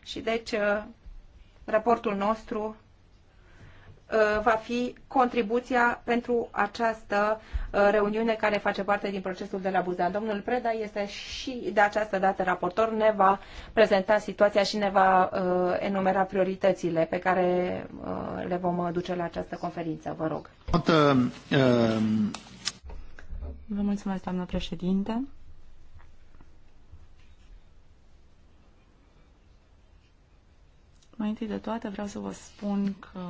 și deci uh, raportul nostru uh, va fi contribuția pentru această uh, reuniune care face parte din procesul de la Buzan. Domnul Preda este și de această dată raportor, ne va prezenta situația și ne va enumera prioritățile pe care le vom duce la această conferință. Vă rog. Vă mulțumesc, doamnă președinte. Mai întâi de toate vreau să vă spun că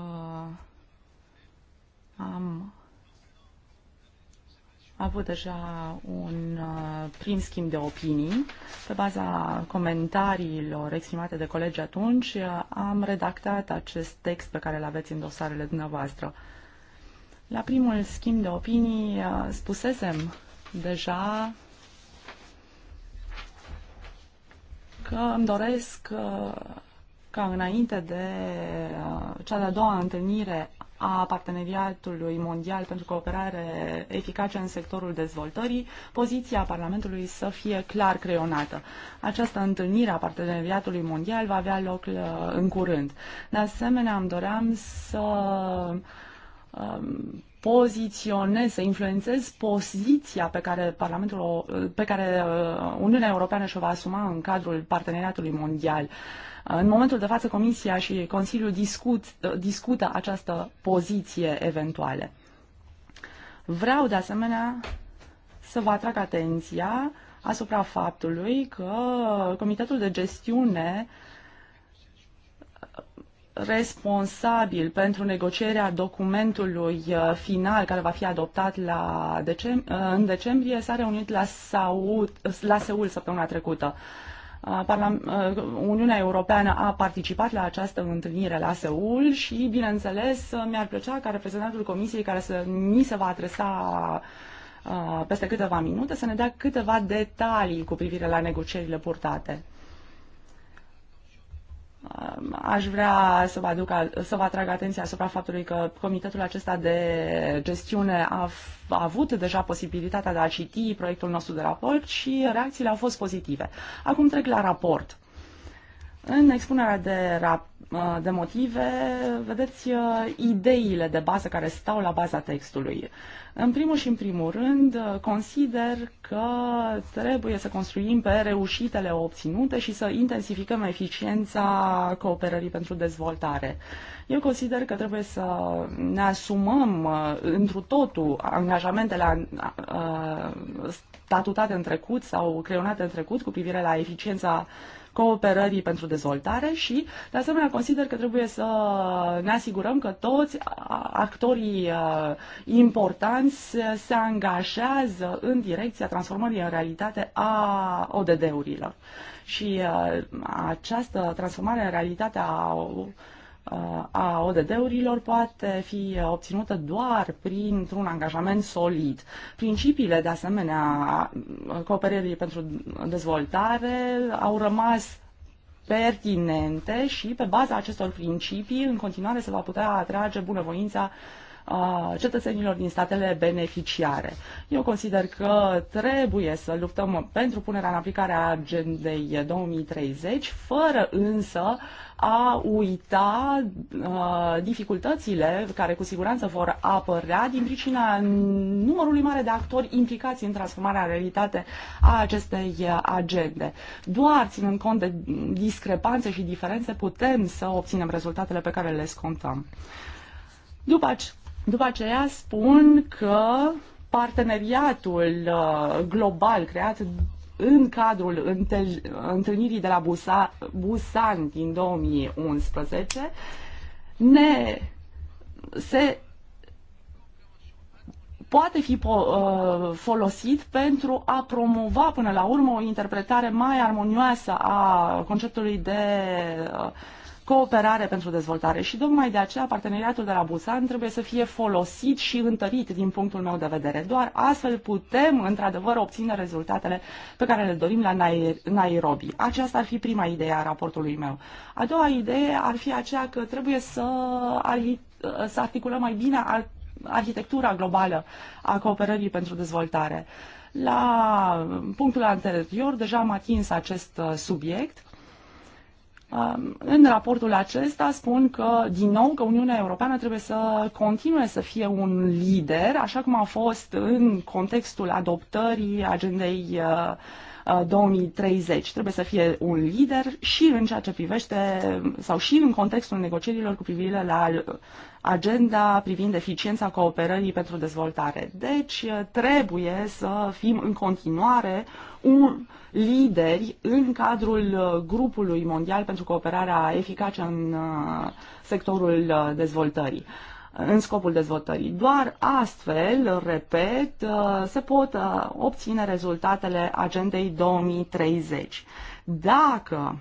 am avut deja un uh, prim schimb de opinii. Pe baza comentariilor exprimate de colegi atunci, uh, am redactat acest text pe care îl aveți în dosarele dumneavoastră. La primul schimb de opinii uh, spusesem deja că îmi doresc ca înainte de uh, cea de-a doua întâlnire a Parteneriatului Mondial pentru Cooperare Eficace în sectorul dezvoltării, poziția Parlamentului să fie clar creionată. Această întâlnire a Parteneriatului Mondial va avea loc uh, în curând. De asemenea, îmi doream să um, poziționez, să influențez poziția pe care Parlamentul, pe care uh, Uniunea Europeană și-o va asuma în cadrul parteneriatului mondial. În momentul de față, Comisia și Consiliul discut, uh, discută această poziție eventuală. Vreau, de asemenea, să vă atrag atenția asupra faptului că Comitetul de Gestiune responsabil pentru negocierea documentului uh, final care va fi adoptat la decem- uh, în decembrie s-a reunit la, Saud, la Seul săptămâna trecută. Uh, Uniunea Europeană a participat la această întâlnire la Seul și, bineînțeles, mi-ar plăcea ca reprezentantul Comisiei care să, ni se va adresa peste câteva minute să ne dea câteva detalii cu privire la negocierile purtate aș vrea să vă, aduc, să vă atrag atenția asupra faptului că comitetul acesta de gestiune a, a avut deja posibilitatea de a citi proiectul nostru de raport și reacțiile au fost pozitive. Acum trec la raport. În expunerea de raport Uh, de motive, vedeți uh, ideile de bază care stau la baza textului. În primul și în primul rând, uh, consider că trebuie să construim pe reușitele obținute și să intensificăm eficiența cooperării pentru dezvoltare. Eu consider că trebuie să ne asumăm întru totul angajamentele statutate în trecut sau creionate în trecut cu privire la eficiența cooperării pentru dezvoltare și, de asemenea, consider că trebuie să ne asigurăm că toți actorii importanți se angajează în direcția transformării în realitate a ODD-urilor. Și această transformare în realitate a a ODD-urilor poate fi obținută doar printr-un angajament solid. Principiile, de asemenea, cooperării pentru dezvoltare au rămas pertinente și pe baza acestor principii în continuare se va putea atrage bunăvoința uh, cetățenilor din statele beneficiare. Eu consider că trebuie să luptăm pentru punerea în aplicare a agendei 2030, fără însă a uita uh, dificultățile care cu siguranță vor apărea din pricina numărului mare de actori implicați în transformarea realitate a acestei agende. Doar ținând cont de discrepanțe și diferențe putem să obținem rezultatele pe care le scontăm. După după aceea spun că parteneriatul uh, global creat în cadrul întâlnirii de la Busa, Busan din 2011 ne se poate fi uh, folosit pentru a promova până la urmă o interpretare mai armonioasă a conceptului de uh, cooperare pentru dezvoltare și tocmai de aceea parteneriatul de la Busan trebuie să fie folosit și întărit din punctul meu de vedere. Doar astfel putem într-adevăr obține rezultatele pe care le dorim la Nairobi. Aceasta ar fi prima idee a raportului meu. A doua idee ar fi aceea că trebuie să, să articulăm mai bine arhitectura globală a cooperării pentru dezvoltare. La punctul anterior deja am atins acest uh, subiect. Um, în raportul acesta spun că, din nou, că Uniunea Europeană trebuie să continue să fie un lider, așa cum a fost în contextul adoptării agendei 2030. Uh, uh, trebuie să fie un lider și în ceea ce privește, sau și în contextul negocierilor cu privire la agenda privind eficiența cooperării pentru dezvoltare. Deci eh, trebuie să fim în continuare un lideri în cadrul eh, grupului mondial pentru cooperarea eficace în eh, sectorul dezvoltării în scopul dezvoltării. Doar astfel, repet, se pot obține rezultatele agendei 2030. Dacă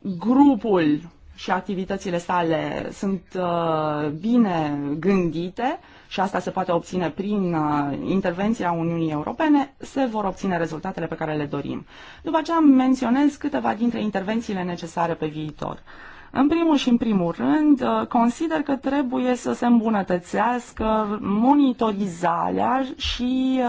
grupul și activitățile sale sunt uh, bine gândite și asta se poate obține prin uh, intervenția Uniunii Europene, se vor obține rezultatele pe care le dorim. După aceea menționez câteva dintre intervențiile necesare pe viitor. În primul și în primul rând, uh, consider că trebuie să se îmbunătățească monitorizarea și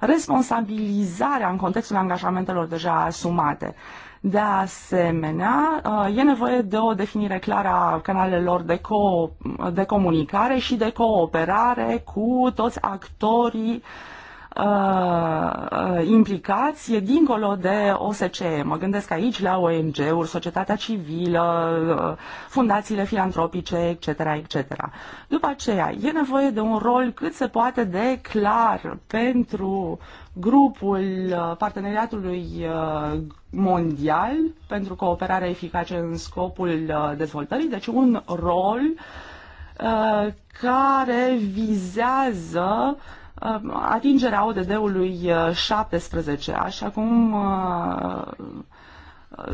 responsabilizarea în contextul angajamentelor deja asumate. De asemenea, uh, e nevoie de o definire clară a canalelor de, co- de comunicare și de cooperare cu toți actorii uh, Uh, uh, implicați dincolo de OSCE. Mă gândesc aici la ONG-uri, societatea civilă, uh, fundațiile filantropice, etc., etc. După aceea, e nevoie de un rol cât se poate de clar pentru grupul uh, parteneriatului mondial pentru cooperarea eficace în scopul dezvoltării, deci un rol care vizează Uh, atingerea ODD-ului 17, uh, așa cum uh,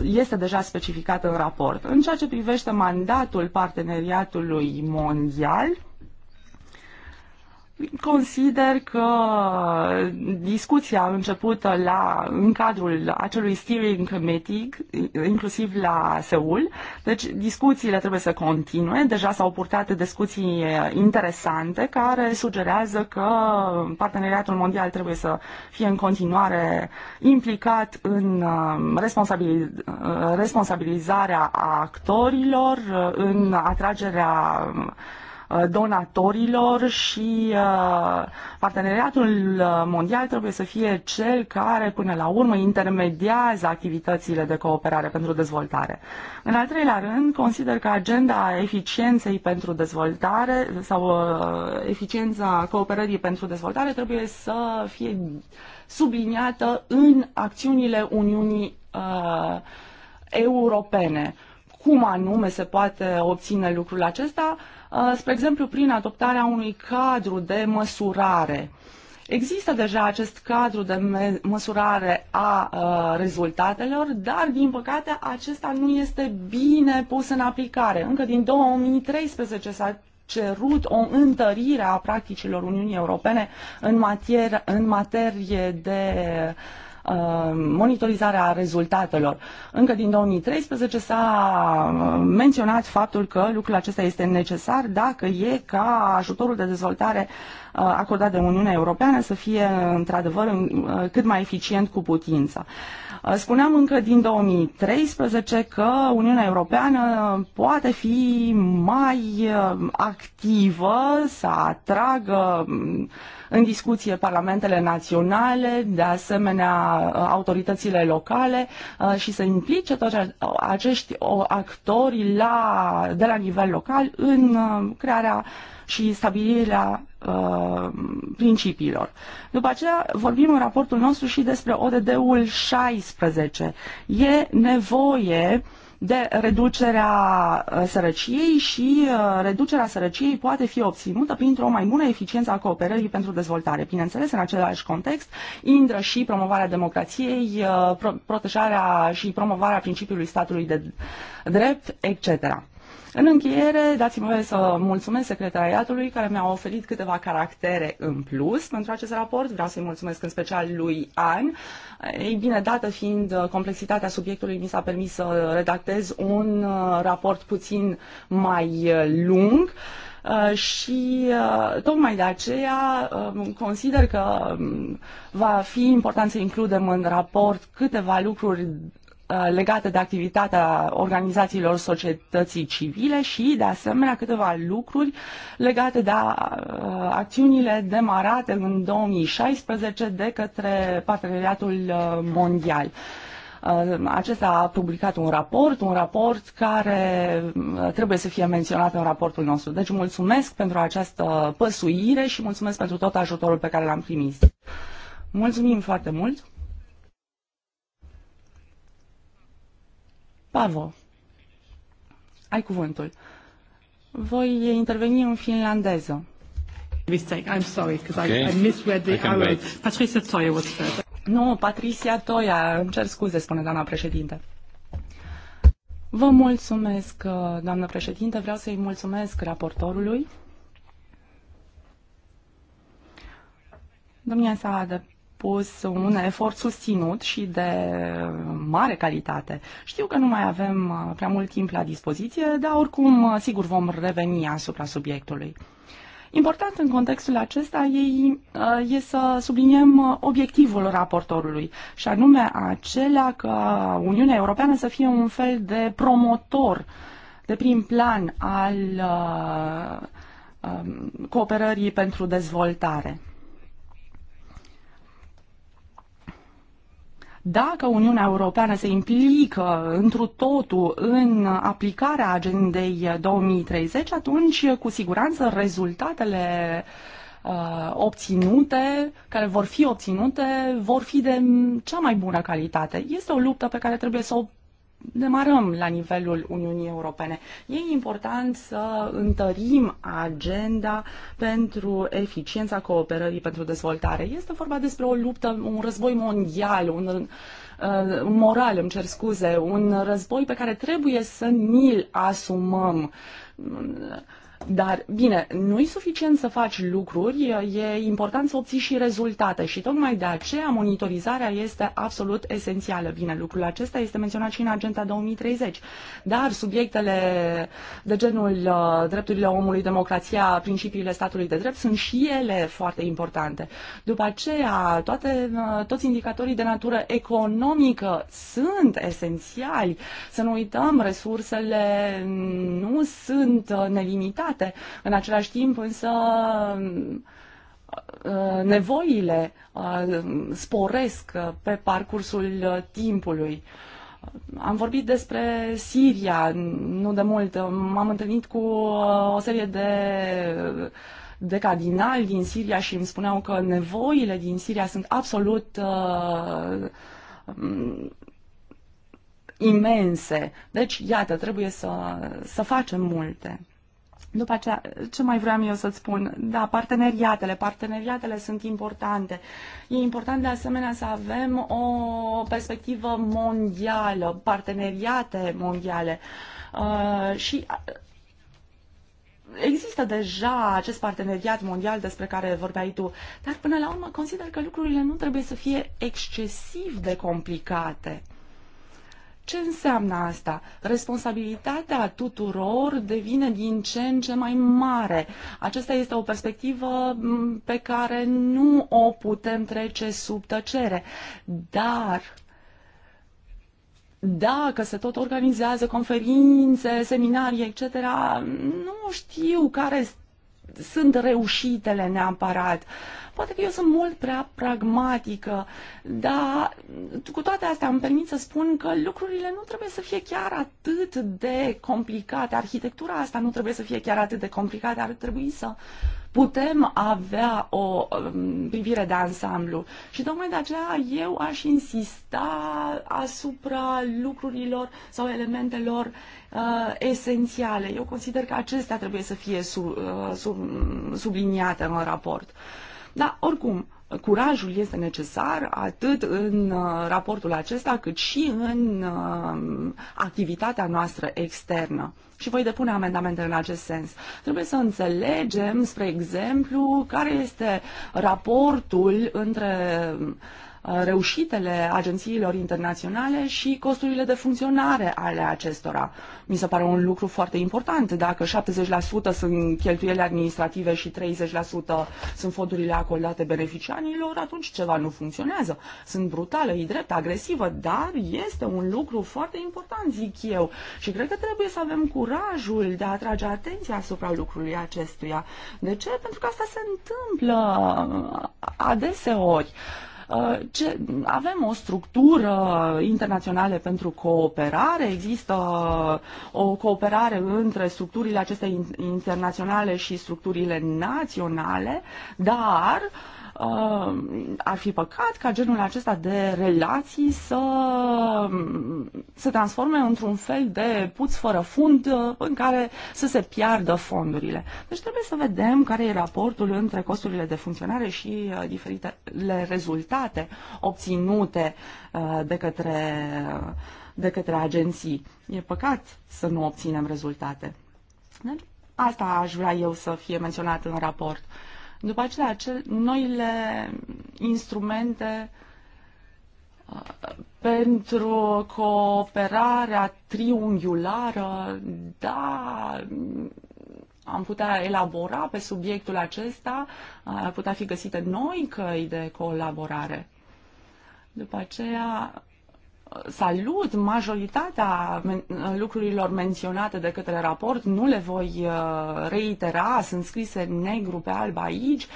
este deja specificată în raport. În ceea ce privește mandatul parteneriatului mondial, consider că discuția începută la, în cadrul acelui steering committee, inclusiv la Seul, deci discuțiile trebuie să continue. Deja s-au purtat discuții interesante care sugerează că parteneriatul mondial trebuie să fie în continuare implicat în um, uh, responsabilizarea actorilor, uh, în atragerea um, Uh, donatorilor și uh, parteneriatul uh, mondial trebuie să fie cel care până la urmă intermediază activitățile de cooperare pentru dezvoltare. În al treilea rând, consider că agenda eficienței pentru dezvoltare sau eficiența cooperării pentru dezvoltare trebuie să fie subliniată în acțiunile Uniunii uh, Europene. Cum anume se poate obține lucrul acesta? Uh, Uh, spre exemplu, prin adoptarea unui cadru de măsurare. Există deja acest cadru de măsurare a uh, rezultatelor, dar, din păcate, acesta nu este bine pus în aplicare. Încă din 2013 s-a cerut o întărire a practicilor Uniunii Europene în materie, în materie de uh, Uh, monitorizarea rezultatelor. Încă din 2013 s-a uh, menționat faptul că lucrul acesta este necesar dacă e ca ajutorul de dezvoltare uh, acordat de Uniunea Europeană să fie într-adevăr cât mai eficient cu putință. Uh, spuneam încă din 2013 că Uniunea Europeană poate fi mai uh, activă să atragă mm, în discuție parlamentele naționale, de asemenea uh, autoritățile locale și să implice toți acești actori la, de la nivel local în crearea uh, și stabilirea uh, principiilor. După aceea vorbim în raportul nostru și despre ODD-ul 16. E nevoie de reducerea uh, sărăciei și uh, reducerea sărăciei poate fi obținută printr-o mai bună eficiență a cooperării pentru dezvoltare. Bineînțeles, în același context, intră și promovarea democrației, uh, protejarea și promovarea principiului statului de drept, etc. În încheiere, dați-mi voie să mulțumesc secretariatului care mi-a oferit câteva caractere în plus pentru acest raport. Vreau să-i mulțumesc în special lui An. Ei bine, dată fiind complexitatea subiectului, mi s-a permis să redactez un uh, raport puțin mai uh, lung uh, și tocmai de aceea um, consider că um, va fi important să includem în raport câteva lucruri Uh, legate de activitatea organizațiilor societății civile și, de asemenea, câteva lucruri legate de uh, acțiunile demarate în 2016 de către Parteneriatul uh, Mondial. Acesta a publicat un raport, un raport care trebuie să fie menționat în raportul nostru. Deci mulțumesc pentru această păsuire și mulțumesc pentru tot ajutorul pe care l-am primit. Mulțumim foarte mult! Pavo, ai cuvântul. Voi interveni în finlandeză. Mistake. I'm sorry, because okay. I, I misread the arrow. Patricia Toia was first. Nu, Patricia Toia. Îmi cer scuze, spune doamna președinte. Vă mulțumesc, uh, doamnă președinte. Vreau să-i mulțumesc raportorului. Domnia sa depus un efort susținut și de mare calitate. Știu că nu mai avem uh, prea mult timp la dispoziție, dar oricum uh, sigur vom reveni asupra subiectului. Important în contextul acesta e, uh, e să subliniem obiectivul raportorului, și anume acela că Uniunea Europeană să fie un fel de promotor de prim plan al uh, um, cooperării pentru dezvoltare. Dacă Uniunea Europeană se implică întru totul în aplicarea agendei 2030, atunci cu siguranță rezultatele uh, obținute, care vor fi obținute, vor fi de cea mai bună calitate. Este o luptă pe care trebuie să o demarăm la nivelul Uniunii Europene. E important să întărim agenda pentru eficiența cooperării pentru dezvoltare. Este vorba despre o luptă, un război mondial, un uh, moral, îmi cer scuze, un război pe care trebuie să ni-l asumăm dar, bine, nu-i suficient să faci lucruri, e important să obții și rezultate și tocmai de aceea monitorizarea este absolut esențială. Bine, lucrul acesta este menționat și în Agenda 2030, dar subiectele de genul uh, drepturile omului, democrația, principiile statului de drept sunt și ele foarte importante. După aceea, toate, uh, toți indicatorii de natură economică sunt esențiali. Să nu uităm, resursele nu sunt uh, nelimitate date. În același timp, însă, uh, nevoile uh, sporesc uh, pe parcursul timpului. Am vorbit despre Siria nu de mult. M-am întâlnit cu o serie de de cardinali din Siria și îmi spuneau că nevoile din Siria sunt absolut uh, um, imense. Deci, iată, trebuie să, să facem multe. După aceea, ce mai vreau eu să-ți spun? Da, parteneriatele. Parteneriatele sunt importante. E important de asemenea să avem o perspectivă mondială, parteneriate mondiale. Uh, și uh, există deja acest parteneriat mondial despre care vorbeai tu, dar până la urmă consider că lucrurile nu trebuie să fie excesiv de complicate. Ce înseamnă asta? Responsabilitatea tuturor devine din ce în ce mai mare. Aceasta este o perspectivă pe care nu o putem trece sub tăcere. Dar dacă se tot organizează conferințe, seminarii, etc., nu știu care sunt reușitele neapărat. Uh, Poate că eu sunt mult prea pragmatică, dar cu toate astea îmi permit să spun că lucrurile nu trebuie să fie chiar atât de complicate. Arhitectura asta nu trebuie să fie chiar atât de complicată, ar trebui să putem avea o um, privire de ansamblu. Și tocmai de aceea eu aș insista asupra lucrurilor sau elementelor uh, esențiale. Eu consider că acestea trebuie să fie sub, uh, sub, subliniate în raport. Uh, dar, oricum, curajul este necesar atât în uh, raportul acesta cât și în uh, activitatea noastră externă. Și voi depune amendamente în acest sens. Trebuie să înțelegem, spre exemplu, care este raportul între Uh, reușitele agențiilor internaționale și costurile de funcționare ale acestora. Mi se pare un lucru foarte important. Dacă 70% sunt cheltuielile administrative și 30% sunt fondurile acordate beneficiarilor, atunci ceva nu funcționează. Sunt brutală, e drept, agresivă, dar este un lucru foarte important, zic eu. Și cred că trebuie să avem curajul de a atrage atenția asupra lucrului acestuia. De ce? Pentru că asta se întâmplă uh, adeseori. Uh, ce, avem o structură internațională pentru cooperare, există uh, o cooperare între structurile acestea internaționale și structurile naționale, dar uh, Uh, ar fi păcat ca genul acesta de relații să se transforme într-un fel de puț fără fund uh, în care să se piardă fondurile. Deci trebuie să vedem care e raportul între costurile de funcționare și uh, diferitele rezultate obținute de către, de către agenții. E păcat să nu obținem rezultate. Deci, asta aș vrea eu să fie menționat în raport. Uh, după aceea, acel, noile instrumente uh, pentru cooperarea triunghiulară, da, am putea elabora pe subiectul acesta, ar uh, putea fi găsite noi căi de colaborare. După aceea, salut majoritatea lucrurilor menționate de către raport, nu le voi uh, reitera, sunt scrise negru pe alb aici.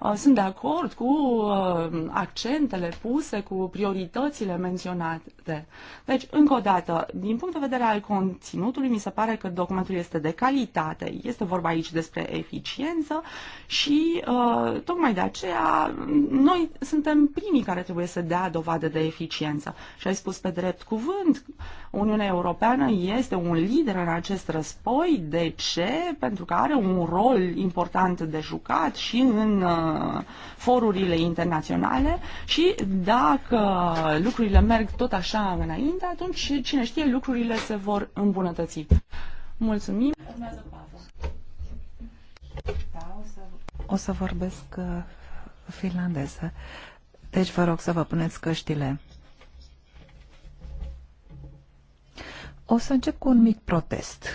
Uh, sunt de acord cu uh, accentele puse, cu prioritățile menționate. Deci, încă o dată, din punct de vedere al conținutului, mi se pare că documentul este de calitate. Este vorba aici despre eficiență și uh, tocmai de aceea noi suntem primii care trebuie să dea dovadă de eficiență. Și ai spus pe drept cuvânt, Uniunea Europeană este un lider în acest război. De ce? Pentru că are un rol important de jucat și în uh, forurile internaționale și dacă lucrurile merg tot așa înainte, atunci cine știe, lucrurile se vor îmbunătăți. Mulțumim. O să vorbesc uh, finlandeză. Deci vă rog să vă puneți căștile. O să încep cu un mic protest.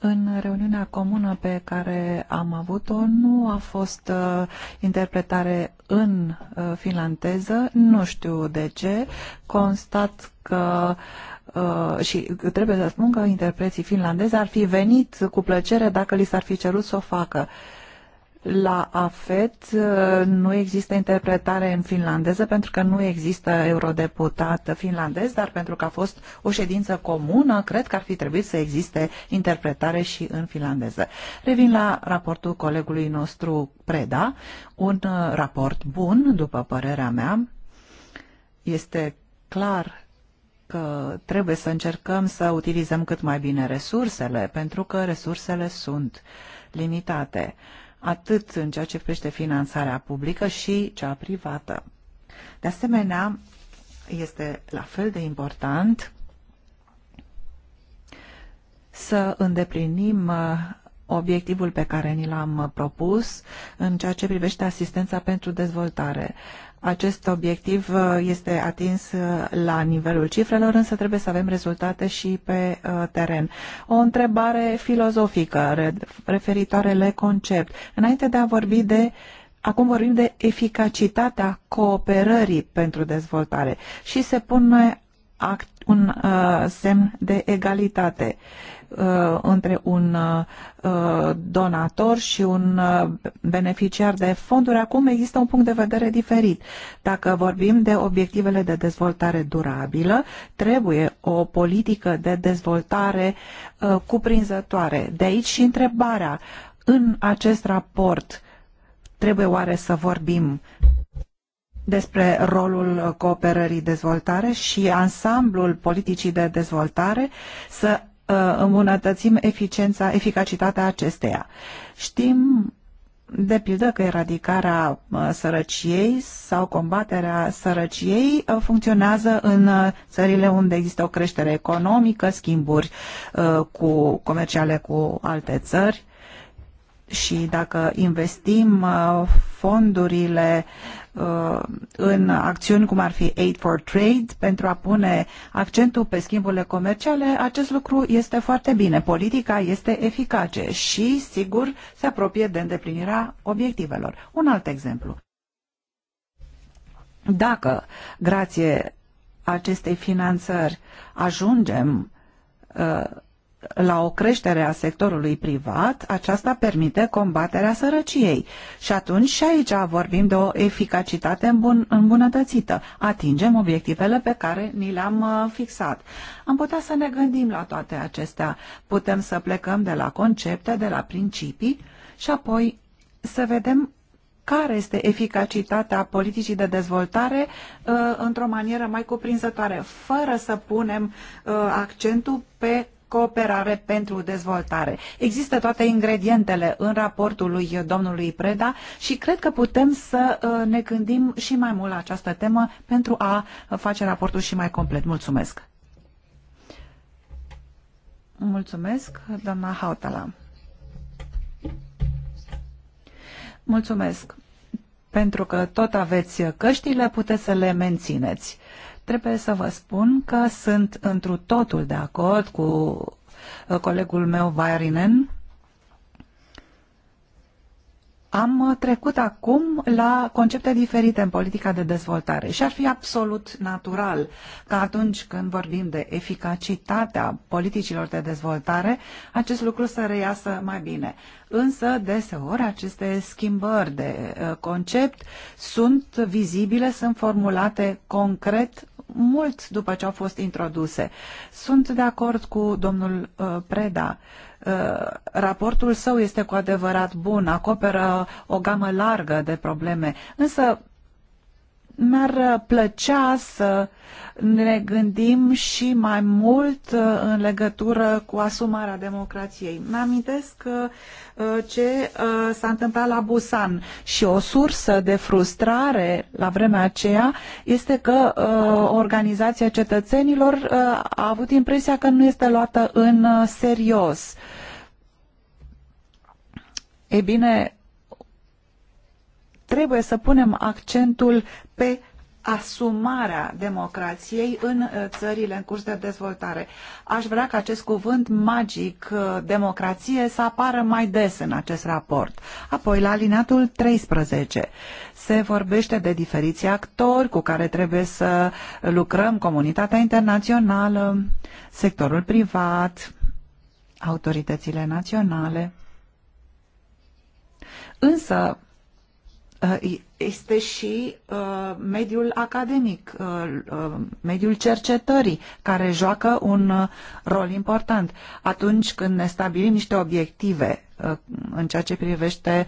În reuniunea comună pe care am avut-o nu a fost uh, interpretare în uh, finlandeză, nu știu de ce, constat că uh, și trebuie să spun că interpreții finlandezi ar fi venit cu plăcere dacă li s-ar fi cerut să o facă. Uh, la AFET uh, nu există interpretare în finlandeză pentru că nu există eurodeputat finlandez, dar pentru că a fost o ședință comună, cred că ar fi trebuit să existe interpretare și în finlandeză. Revin la raportul colegului nostru Preda, un uh, raport bun, după părerea mea. Este clar că trebuie să încercăm să utilizăm cât mai bine resursele, pentru că resursele sunt limitate. Uh, atât în ceea ce privește finanțarea publică și cea privată. De asemenea, este la fel de important să îndeplinim uh, obiectivul pe care ni l-am propus în ceea ce privește asistența pentru dezvoltare. Acest obiectiv uh, este atins uh, la nivelul cifrelor, însă trebuie să avem rezultate și pe uh, teren. O întrebare filozofică referitoare la concept. Înainte de a vorbi de Acum vorbim de eficacitatea cooperării pentru dezvoltare și se pune un uh, semn de egalitate uh, între un uh, donator și un uh, beneficiar de fonduri. Acum există un punct de vedere diferit. Dacă vorbim de obiectivele de dezvoltare durabilă, trebuie o politică de dezvoltare uh, cuprinzătoare. De aici și întrebarea. În acest raport trebuie oare să vorbim despre rolul cooperării dezvoltare și ansamblul politicii de dezvoltare să uh, îmbunătățim eficiența, eficacitatea acesteia. Știm de pildă că eradicarea uh, sărăciei sau combaterea sărăciei uh, funcționează în țările unde există o creștere economică, schimburi cu comerciale cu alte țări și dacă investim uh, fondurile uh, în acțiuni cum ar fi Aid for Trade pentru a pune accentul pe schimburile comerciale, acest lucru este foarte bine. Politica este eficace și, sigur, se apropie de îndeplinirea obiectivelor. Un alt exemplu. Dacă, grație acestei finanțări, ajungem uh, la o creștere a sectorului privat, aceasta permite combaterea sărăciei. Și atunci și aici vorbim de o eficacitate îmbun îmbunătățită. Atingem obiectivele pe care ni le-am uh, fixat. Am putea să ne gândim la toate acestea. Putem să plecăm de la concepte, de la principii și apoi să vedem care este eficacitatea politicii de dezvoltare uh, într-o manieră mai cuprinzătoare, fără să punem uh, accentul pe cooperare pentru dezvoltare. Există toate ingredientele în raportul lui domnului Preda și cred că putem să uh, ne gândim și mai mult la această temă pentru a uh, face raportul și mai complet. Mulțumesc! Mulțumesc, doamna Hautala. Mulțumesc, pentru că tot aveți căștile, puteți să le mențineți. Trebuie să vă spun că sunt întru totul de acord cu uh, colegul meu Vairinen. Am uh, trecut acum la concepte diferite în politica de dezvoltare și ar fi absolut natural ca atunci când vorbim de eficacitatea politicilor de dezvoltare, acest lucru să reiasă mai bine. Însă, deseori, aceste schimbări de uh, concept sunt vizibile, sunt formulate concret mult după ce au fost introduse. Sunt de acord cu domnul uh, Preda. Uh, raportul său este cu adevărat bun, acoperă o gamă largă de probleme, însă mi-ar uh, plăcea să ne gândim și mai mult uh, în legătură cu asumarea democrației. Mă amintesc uh, ce s-a întâmplat la Busan și o sursă de frustrare la vremea aceea este că organizația cetățenilor a avut impresia că nu este luată în serios. Ei bine, trebuie să punem accentul pe asumarea democrației în uh, țările în curs de dezvoltare. Aș vrea ca acest cuvânt magic, uh, democrație, să apară mai des în acest raport. Apoi, la alineatul 13, se vorbește de diferiți actori cu care trebuie să lucrăm, comunitatea internațională, sectorul privat, autoritățile naționale. Însă, Uh, este și uh, mediul academic, uh, mediul cercetării, care joacă un rol important. Atunci când ne stabilim niște obiective în ceea ce privește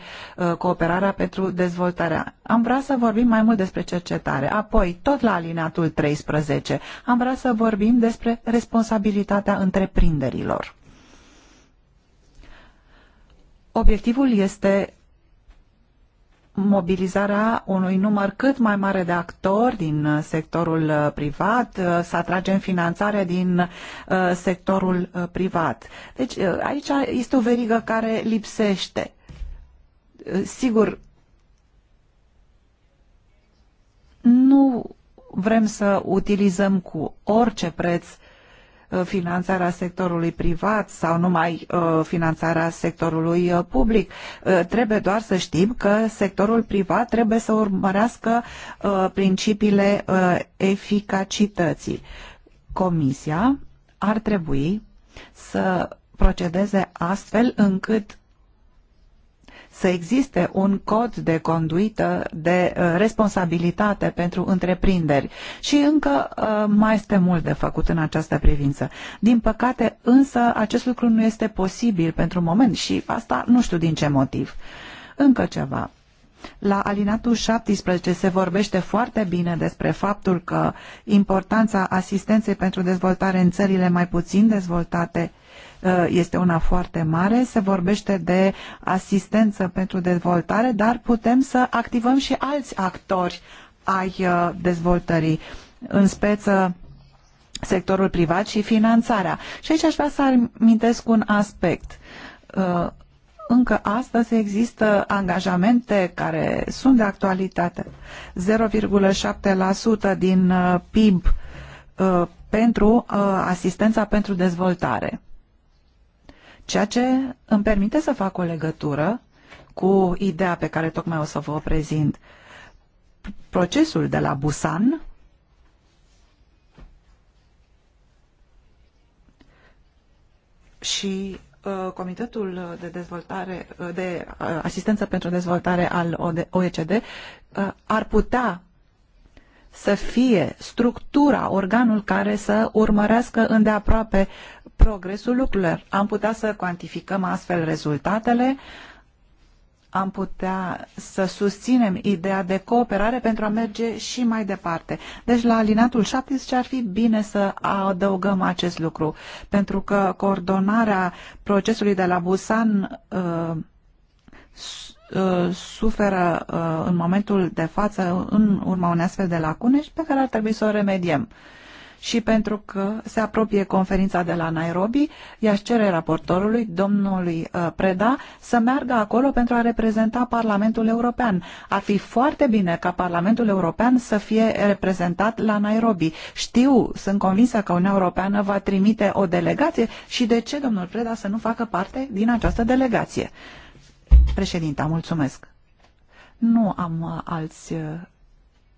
cooperarea pentru dezvoltarea. Am vrea să vorbim mai mult despre cercetare. Apoi, tot la alineatul 13, am vrea să vorbim despre responsabilitatea întreprinderilor. Obiectivul este mobilizarea unui număr cât mai mare de actori din uh, sectorul uh, privat, uh, să atragem finanțare din sectorul privat. Deci aici este o verigă care lipsește. Sigur, nu vrem să utilizăm cu orice preț Uh, finanțarea sectorului privat sau numai uh, finanțarea sectorului uh, public. Trebuie doar să știm că sectorul privat trebuie să urmărească principiile eficacității. Comisia ar trebui să procedeze astfel încât să existe un cod de conduită de uh, responsabilitate pentru întreprinderi și încă uh, mai este mult de făcut în această privință. Din păcate, însă, acest lucru nu este posibil pentru moment și asta nu știu din ce motiv. Încă ceva. La alinatul 17 se vorbește foarte bine despre faptul că importanța asistenței pentru dezvoltare în țările mai puțin dezvoltate uh, Eh, este una foarte mare. Se vorbește de asistență pentru dezvoltare, dar putem să activăm și alți actori ai eh, dezvoltării, în speță sectorul privat și finanțarea. Și aici aș vrea să amintesc un aspect eh, încă astăzi există angajamente care sunt de actualitate. 0,7% din PIB pentru asistența pentru dezvoltare ceea ce îmi permite să fac o legătură cu ideea pe care tocmai o să vă o prezint. Procesul de la Busan și uh, Comitetul de Dezvoltare uh, de uh, Asistență pentru Dezvoltare al OECD ar putea să fie structura, organul care să urmărească îndeaproape progresul lucrurilor. Am putea să cuantificăm astfel rezultatele, am putea să susținem ideea de cooperare pentru a merge și mai departe. Deci la alinatul 17 ar fi bine să adăugăm acest lucru, pentru că coordonarea procesului de la Busan uh, Uh, suferă uh, în momentul de față în urma unei astfel de lacune și pe care ar trebui să o remediem. Și pentru că se apropie conferința de la Nairobi, i-aș cere raportorului, domnului uh, Preda, să meargă acolo pentru a reprezenta Parlamentul European. Ar fi foarte bine ca Parlamentul European să fie reprezentat la Nairobi. Știu, sunt convinsă că Uniunea Europeană va trimite o delegație și de ce domnul Preda să nu facă parte din această delegație? Președinta, mulțumesc. Nu am uh, alți uh,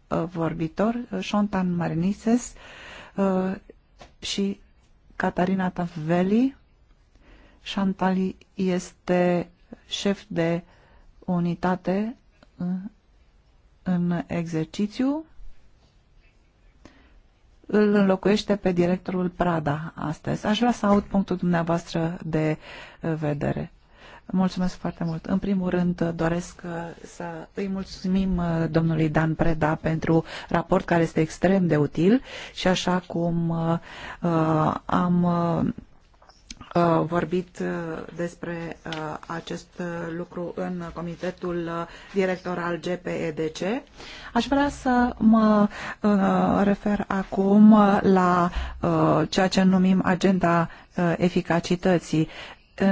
uh, vorbitori. Șontan Marinises și Catarina Taveli. Șantali este șef de unitate în exercițiu. Îl înlocuiește pe directorul Prada astăzi. Aș vrea să aud punctul dumneavoastră de vedere. Mulțumesc foarte mult. În primul rând doresc uh, să îi mulțumim uh, domnului Dan Preda pentru raport care este extrem de util și așa cum uh, am vorbit despre acest lucru în comitetul director al GPEDC. Aș vrea să mă refer acum la ceea ce numim agenda eficacității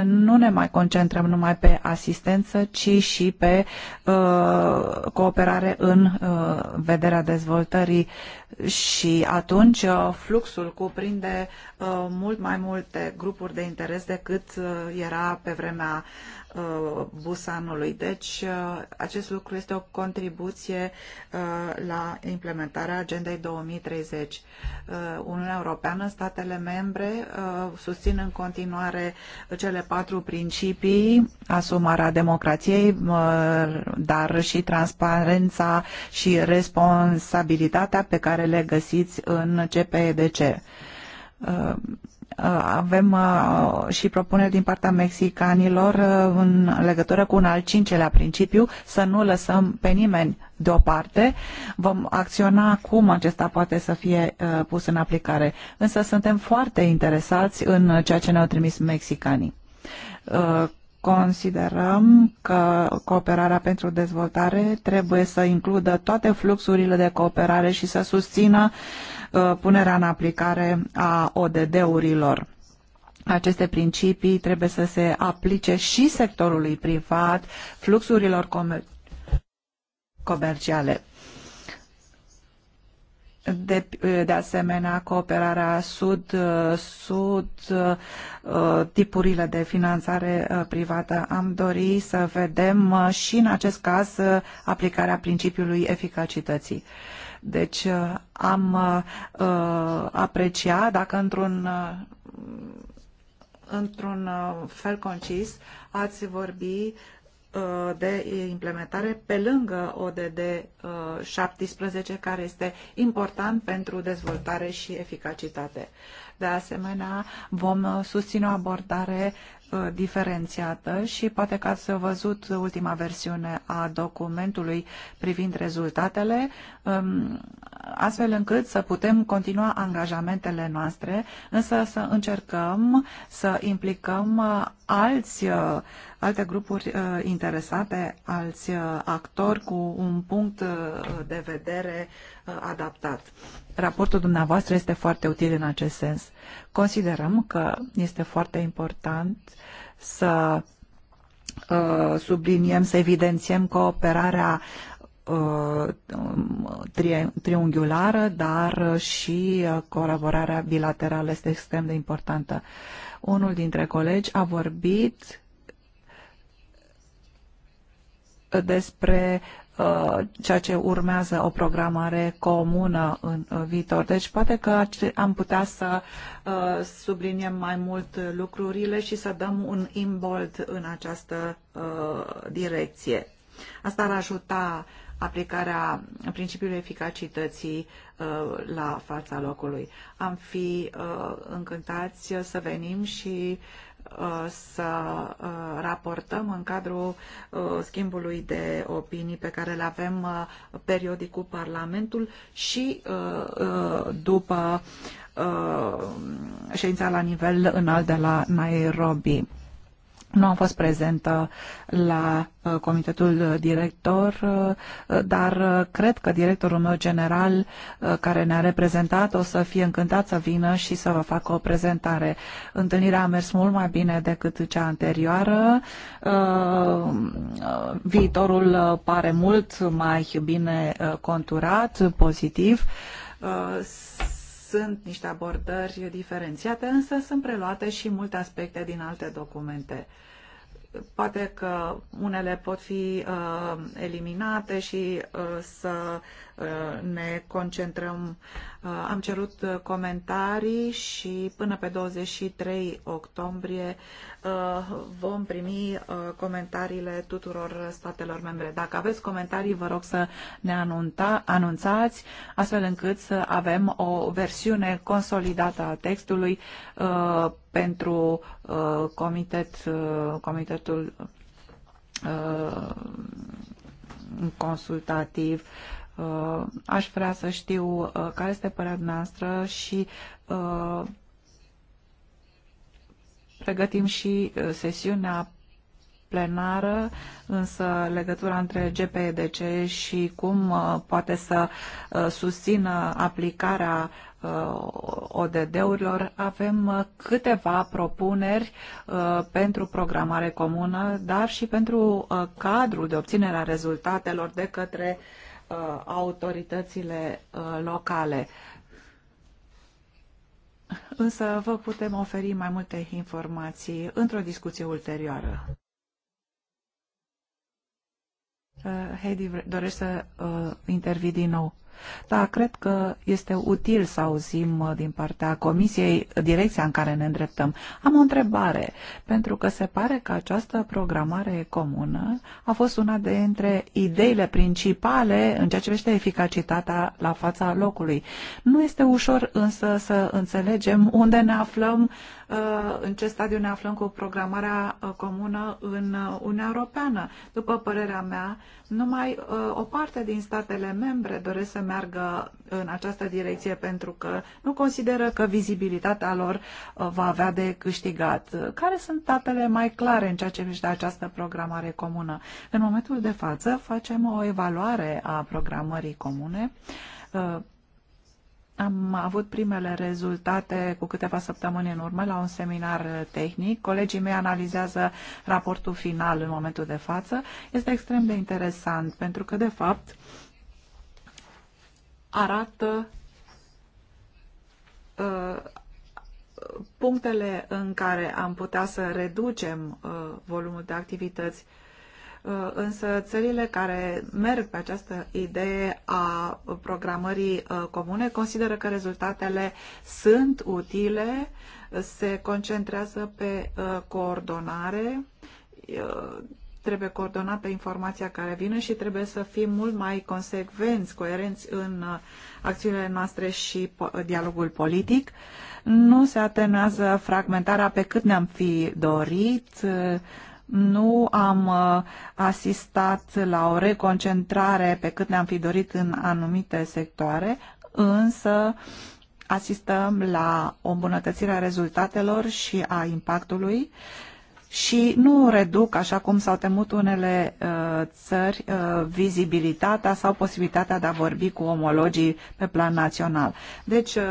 nu ne mai concentrăm numai pe asistență, ci și pe uh, cooperare în uh, vederea dezvoltării și atunci uh, fluxul cuprinde uh, mult mai multe grupuri de interes decât uh, era pe vremea Uh, busanului. Deci, uh, acest lucru este o contribuție uh, la implementarea Agendei 2030. Uniunea Europeană, statele membre susțin în continuare cele patru principii, asumarea democrației, dar și transparența și responsabilitatea pe care le găsiți în CPEDC Uh, avem uh, și propuneri din partea mexicanilor uh, în legătură cu un al cincelea principiu, să nu lăsăm pe nimeni deoparte. Vom acționa cum acesta poate să fie pus în aplicare. Însă suntem foarte interesați în ceea ce ne-au trimis mexicanii. Considerăm că cooperarea pentru dezvoltare trebuie să includă toate fluxurile de cooperare și să susțină uh, Uh, punerea în aplicare a ODD-urilor. Aceste principii trebuie să se aplice și sectorului privat, fluxurilor comer comerciale. De, de asemenea, cooperarea sud-sud, uh, tipurile de finanțare uh, privată. Am dori să vedem și în acest caz aplicarea principiului eficacității. Deci uh, am uh, uh, aprecia dacă într-un într-un fel concis ați vorbi de implementare pe lângă ODD 17, care este important pentru dezvoltare și eficacitate. De asemenea, vom susține o abordare Uh, diferențiată și poate că ați văzut ultima versiune a documentului privind rezultatele, um, astfel încât să putem continua angajamentele noastre, însă să încercăm să implicăm uh, alți, uh, alte grupuri interesate, alți actori cu un punct de vedere adaptat. Raportul dumneavoastră este foarte util în acest sens. Considerăm că este foarte important să uh, subliniem, să evidențiem cooperarea uh, triunghiulară, dar și uh, colaborarea bilaterală este extrem de importantă. Unul dintre colegi a vorbit despre Uh, ceea ce urmează o programare comună în uh, viitor. Deci poate că am putea să uh, subliniem mai mult lucrurile și să dăm un imbold în această direcție. Asta ar ajuta aplicarea principiului eficacității la fața locului. Am fi încântați să venim și Uh, să uh, raportăm în cadrul uh, schimbului de opinii pe care le avem periodic cu Parlamentul și după ședința la nivel înalt de la Nairobi. Nu am fost prezentă la uh, comitetul director, uh, dar uh, cred că directorul meu general care ne-a reprezentat o să fie încântat să vină și să vă facă o prezentare. Întâlnirea a mers mult mai bine decât cea anterioară. Viitorul pare mult mai bine conturat, pozitiv sunt niște abordări diferențiate, însă sunt preluate și multe aspecte din alte documente. Poate că unele pot fi uh, eliminate și uh, să Uh, ne concentrăm. Uh, am cerut uh, comentarii și până pe 23 octombrie vom primi comentariile tuturor statelor membre. Dacă aveți comentarii, vă rog să ne anunta, anunțați, astfel încât să avem o versiune consolidată a textului pentru comitet, comitetul consultativ uh, Uh, aș vrea să știu uh, care este părerea noastră și uh, pregătim și sesiunea plenară, însă legătura între GPDC și cum poate să susțină aplicarea ODD-urilor, avem câteva propuneri pentru programare comună, dar și pentru cadrul de obținere a rezultatelor de către uh, Uh, autoritățile uh, locale. Însă vă putem oferi mai multe informații într-o discuție ulterioară. Uh, Heidi, dorești să intervii din nou? Da, cred că este util să auzim uh, din partea Comisiei direcția în care ne îndreptăm. Am o întrebare, pentru că se pare că această programare comună a fost una dintre ideile principale în ceea ce privește eficacitatea la fața locului. Nu este ușor însă să înțelegem unde ne aflăm Uh, în ce stadiu ne aflăm cu programarea uh, comună în uh, Uniunea Europeană. După părerea mea, numai o parte din statele membre doresc să meargă în această direcție pentru că nu consideră că vizibilitatea lor va avea de câștigat. Care sunt datele mai clare în ceea ce privește această programare comună? În momentul de față facem o evaluare a programării comune am avut primele rezultate cu câteva săptămâni în urmă la un seminar tehnic. Colegii mei analizează raportul final în momentul de față. Este extrem de interesant pentru că, de fapt, arată uh, punctele în care am putea să reducem uh, volumul de activități uh, Uh, însă țările care merg pe această idee a programării uh, comune consideră că rezultatele sunt utile, se concentrează pe uh, coordonare, trebuie coordonată informația care vine și trebuie să fim mult mai consecvenți, coerenți în acțiunile noastre și dialogul politic. Nu se atenuează fragmentarea pe cât ne-am fi dorit, nu am uh, asistat la o reconcentrare pe cât ne-am fi dorit în anumite sectoare, însă asistăm la o îmbunătățire a rezultatelor și a impactului și nu reduc, așa cum s-au temut unele uh, țări, uh, vizibilitatea sau posibilitatea de a vorbi cu omologii pe plan național. Deci, uh,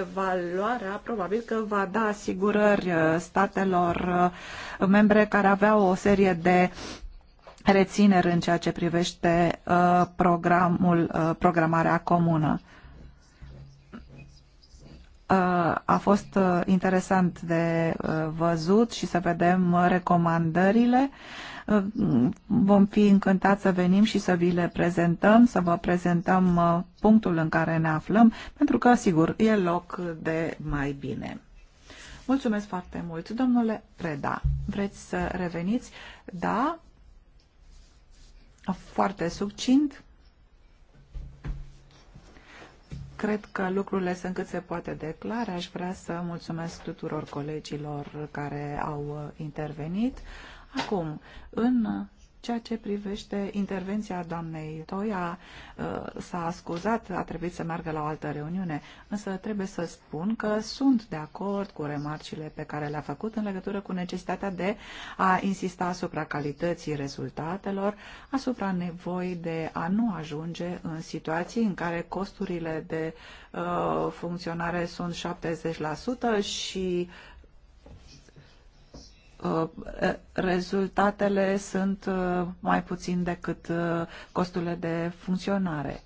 evaluarea probabil că va da asigurări uh, statelor uh, membre care aveau o serie de rețineri în ceea ce privește uh, programul, programarea comună. Uh, a fost uh, interesant de uh, văzut și să vedem recomandările. Vom fi încântați să venim și să vi le prezentăm, să vă prezentăm punctul în care ne aflăm, pentru că, sigur, e loc de mai bine. Mulțumesc foarte mult. Domnule Preda, vreți să reveniți? Da? Foarte succint. Cred că lucrurile sunt cât se poate de clare. Aș vrea să mulțumesc tuturor colegilor care au uh, intervenit. Acum, în ceea ce privește intervenția doamnei Toia, uh, s-a scuzat, a trebuit să meargă la o altă reuniune, însă trebuie să spun că sunt de acord cu remarcile pe care le-a făcut în legătură cu necesitatea de a insista asupra calității rezultatelor, asupra nevoii de a nu ajunge în situații în care costurile de uh, funcționare sunt 70% și Uh, rezultatele sunt uh, mai puțin decât uh, costurile de funcționare.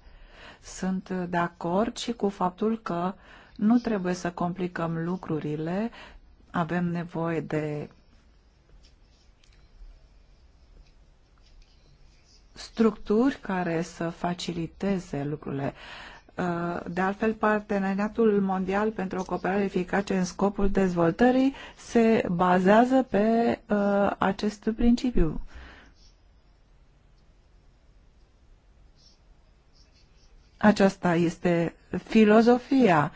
Sunt de acord și cu faptul că nu trebuie să complicăm lucrurile, avem nevoie de structuri care să faciliteze lucrurile. Uh, Uh, de altfel, Parteneriatul Mondial pentru o Cooperare Eficace în scopul dezvoltării se bazează pe uh, acest principiu. Aceasta este filozofia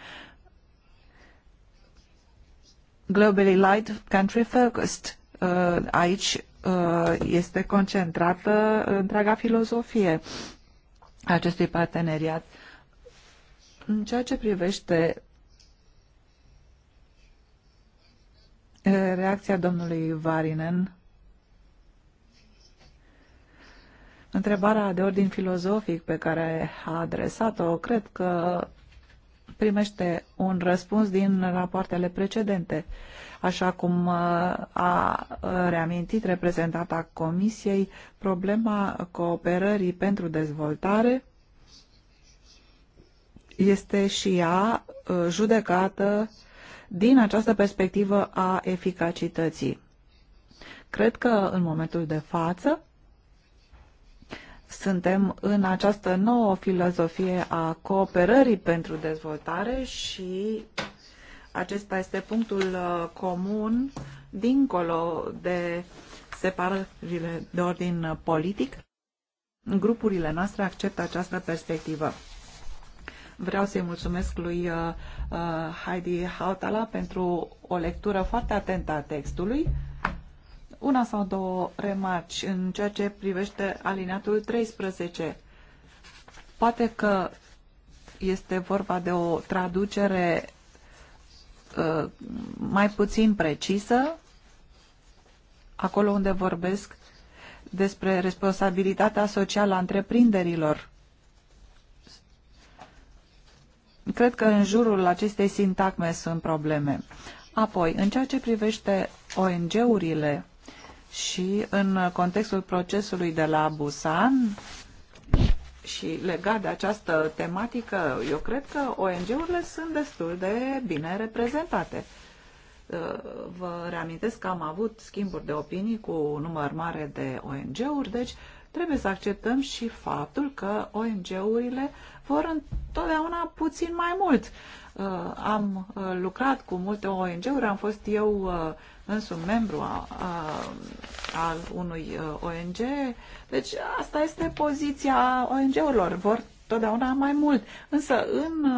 globally light country focused. Uh, aici este concentrată întreaga filozofie acestui parteneriat în ceea ce privește reacția domnului Varinen, întrebarea de ordin filozofic pe care a adresat-o, cred că primește un răspuns din rapoartele precedente. Așa cum a reamintit reprezentanta Comisiei, problema cooperării pentru dezvoltare este și ea uh, judecată din această perspectivă a eficacității. Cred că în momentul de față suntem în această nouă filozofie a cooperării pentru dezvoltare și acesta este punctul uh, comun dincolo de separările de ordin politic. Grupurile noastre acceptă această perspectivă. Vreau să-i mulțumesc lui uh, uh, Heidi Hautala pentru o lectură foarte atentă a textului. Una sau două remarci în ceea ce privește alineatul 13. Poate că este vorba de o traducere uh, mai puțin precisă, acolo unde vorbesc despre responsabilitatea socială a întreprinderilor. cred că în jurul acestei sintagme sunt probleme. Apoi, în ceea ce privește ONG-urile și în contextul procesului de la Busan și legat de această tematică, eu cred că ONG-urile sunt destul de bine reprezentate. Vă reamintesc că am avut schimburi de opinii cu un număr mare de ONG-uri, deci trebuie să acceptăm și faptul că ONG-urile vor întotdeauna puțin mai mult. Uh, am uh, lucrat cu multe ONG-uri, am fost eu uh, însumi membru a, a, al unui ONG, deci asta este poziția ONG-urilor, vor totdeauna mai mult. Însă în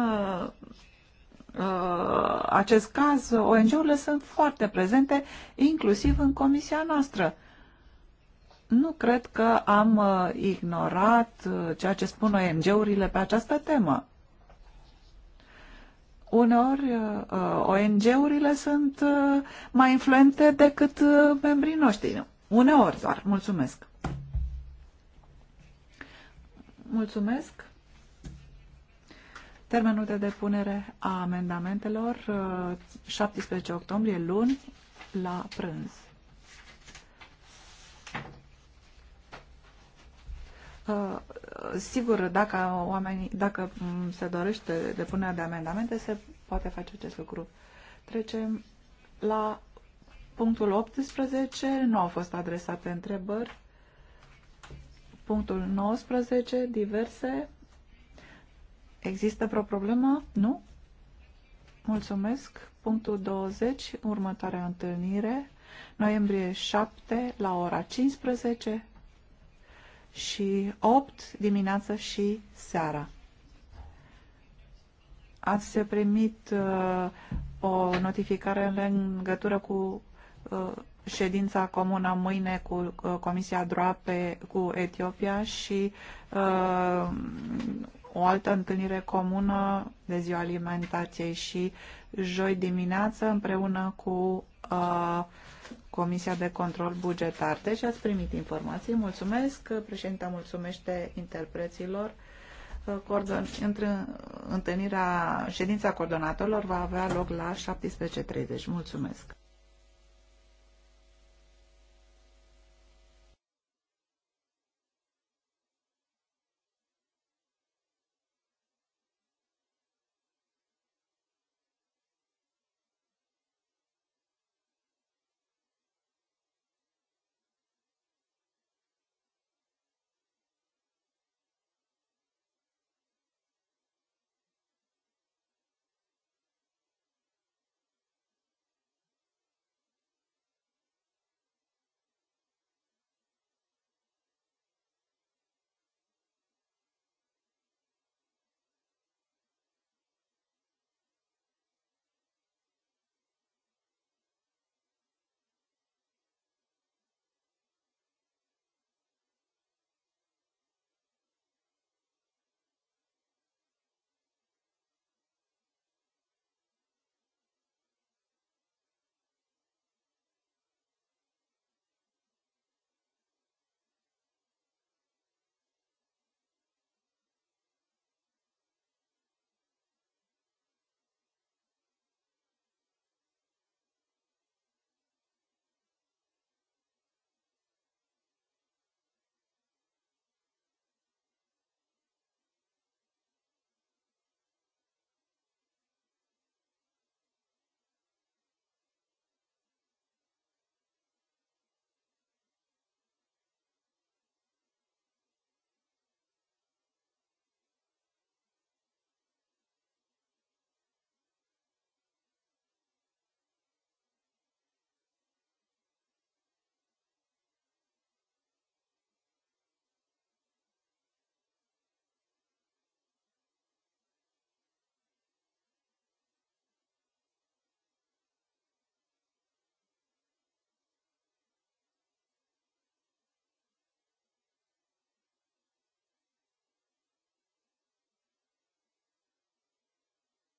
acest caz, ONG-urile sunt foarte prezente, inclusiv în comisia noastră nu cred că am uh, ignorat uh, ceea ce spun ONG-urile pe această temă. Uneori, uh, ONG-urile sunt mai influente decât membrii noștri. Uneori doar. Mulțumesc. Mulțumesc. Termenul de depunere a amendamentelor 17 octombrie, luni, la prânz. Sigur, dacă, oamenii, dacă se dorește depunerea de amendamente, se poate face acest lucru. Trecem la punctul 18. Nu au fost adresate întrebări. Punctul 19. Diverse. Există vreo problemă? Nu? Mulțumesc. Punctul 20. Următoarea întâlnire noiembrie 7 la ora 15 și 8 dimineața și seara. Ați primit uh, o notificare în legătură cu uh, ședința comună mâine cu uh, Comisia Droape cu Etiopia și uh, o altă întâlnire comună de ziua alimentației și joi dimineață împreună cu uh, Comisia de Control Bugetar. Deci ați primit informații. Mulțumesc. Președinta mulțumește interpreților. Coordon... Între... Întâlnirea, ședința coordonatorilor va avea loc la 17.30. Mulțumesc.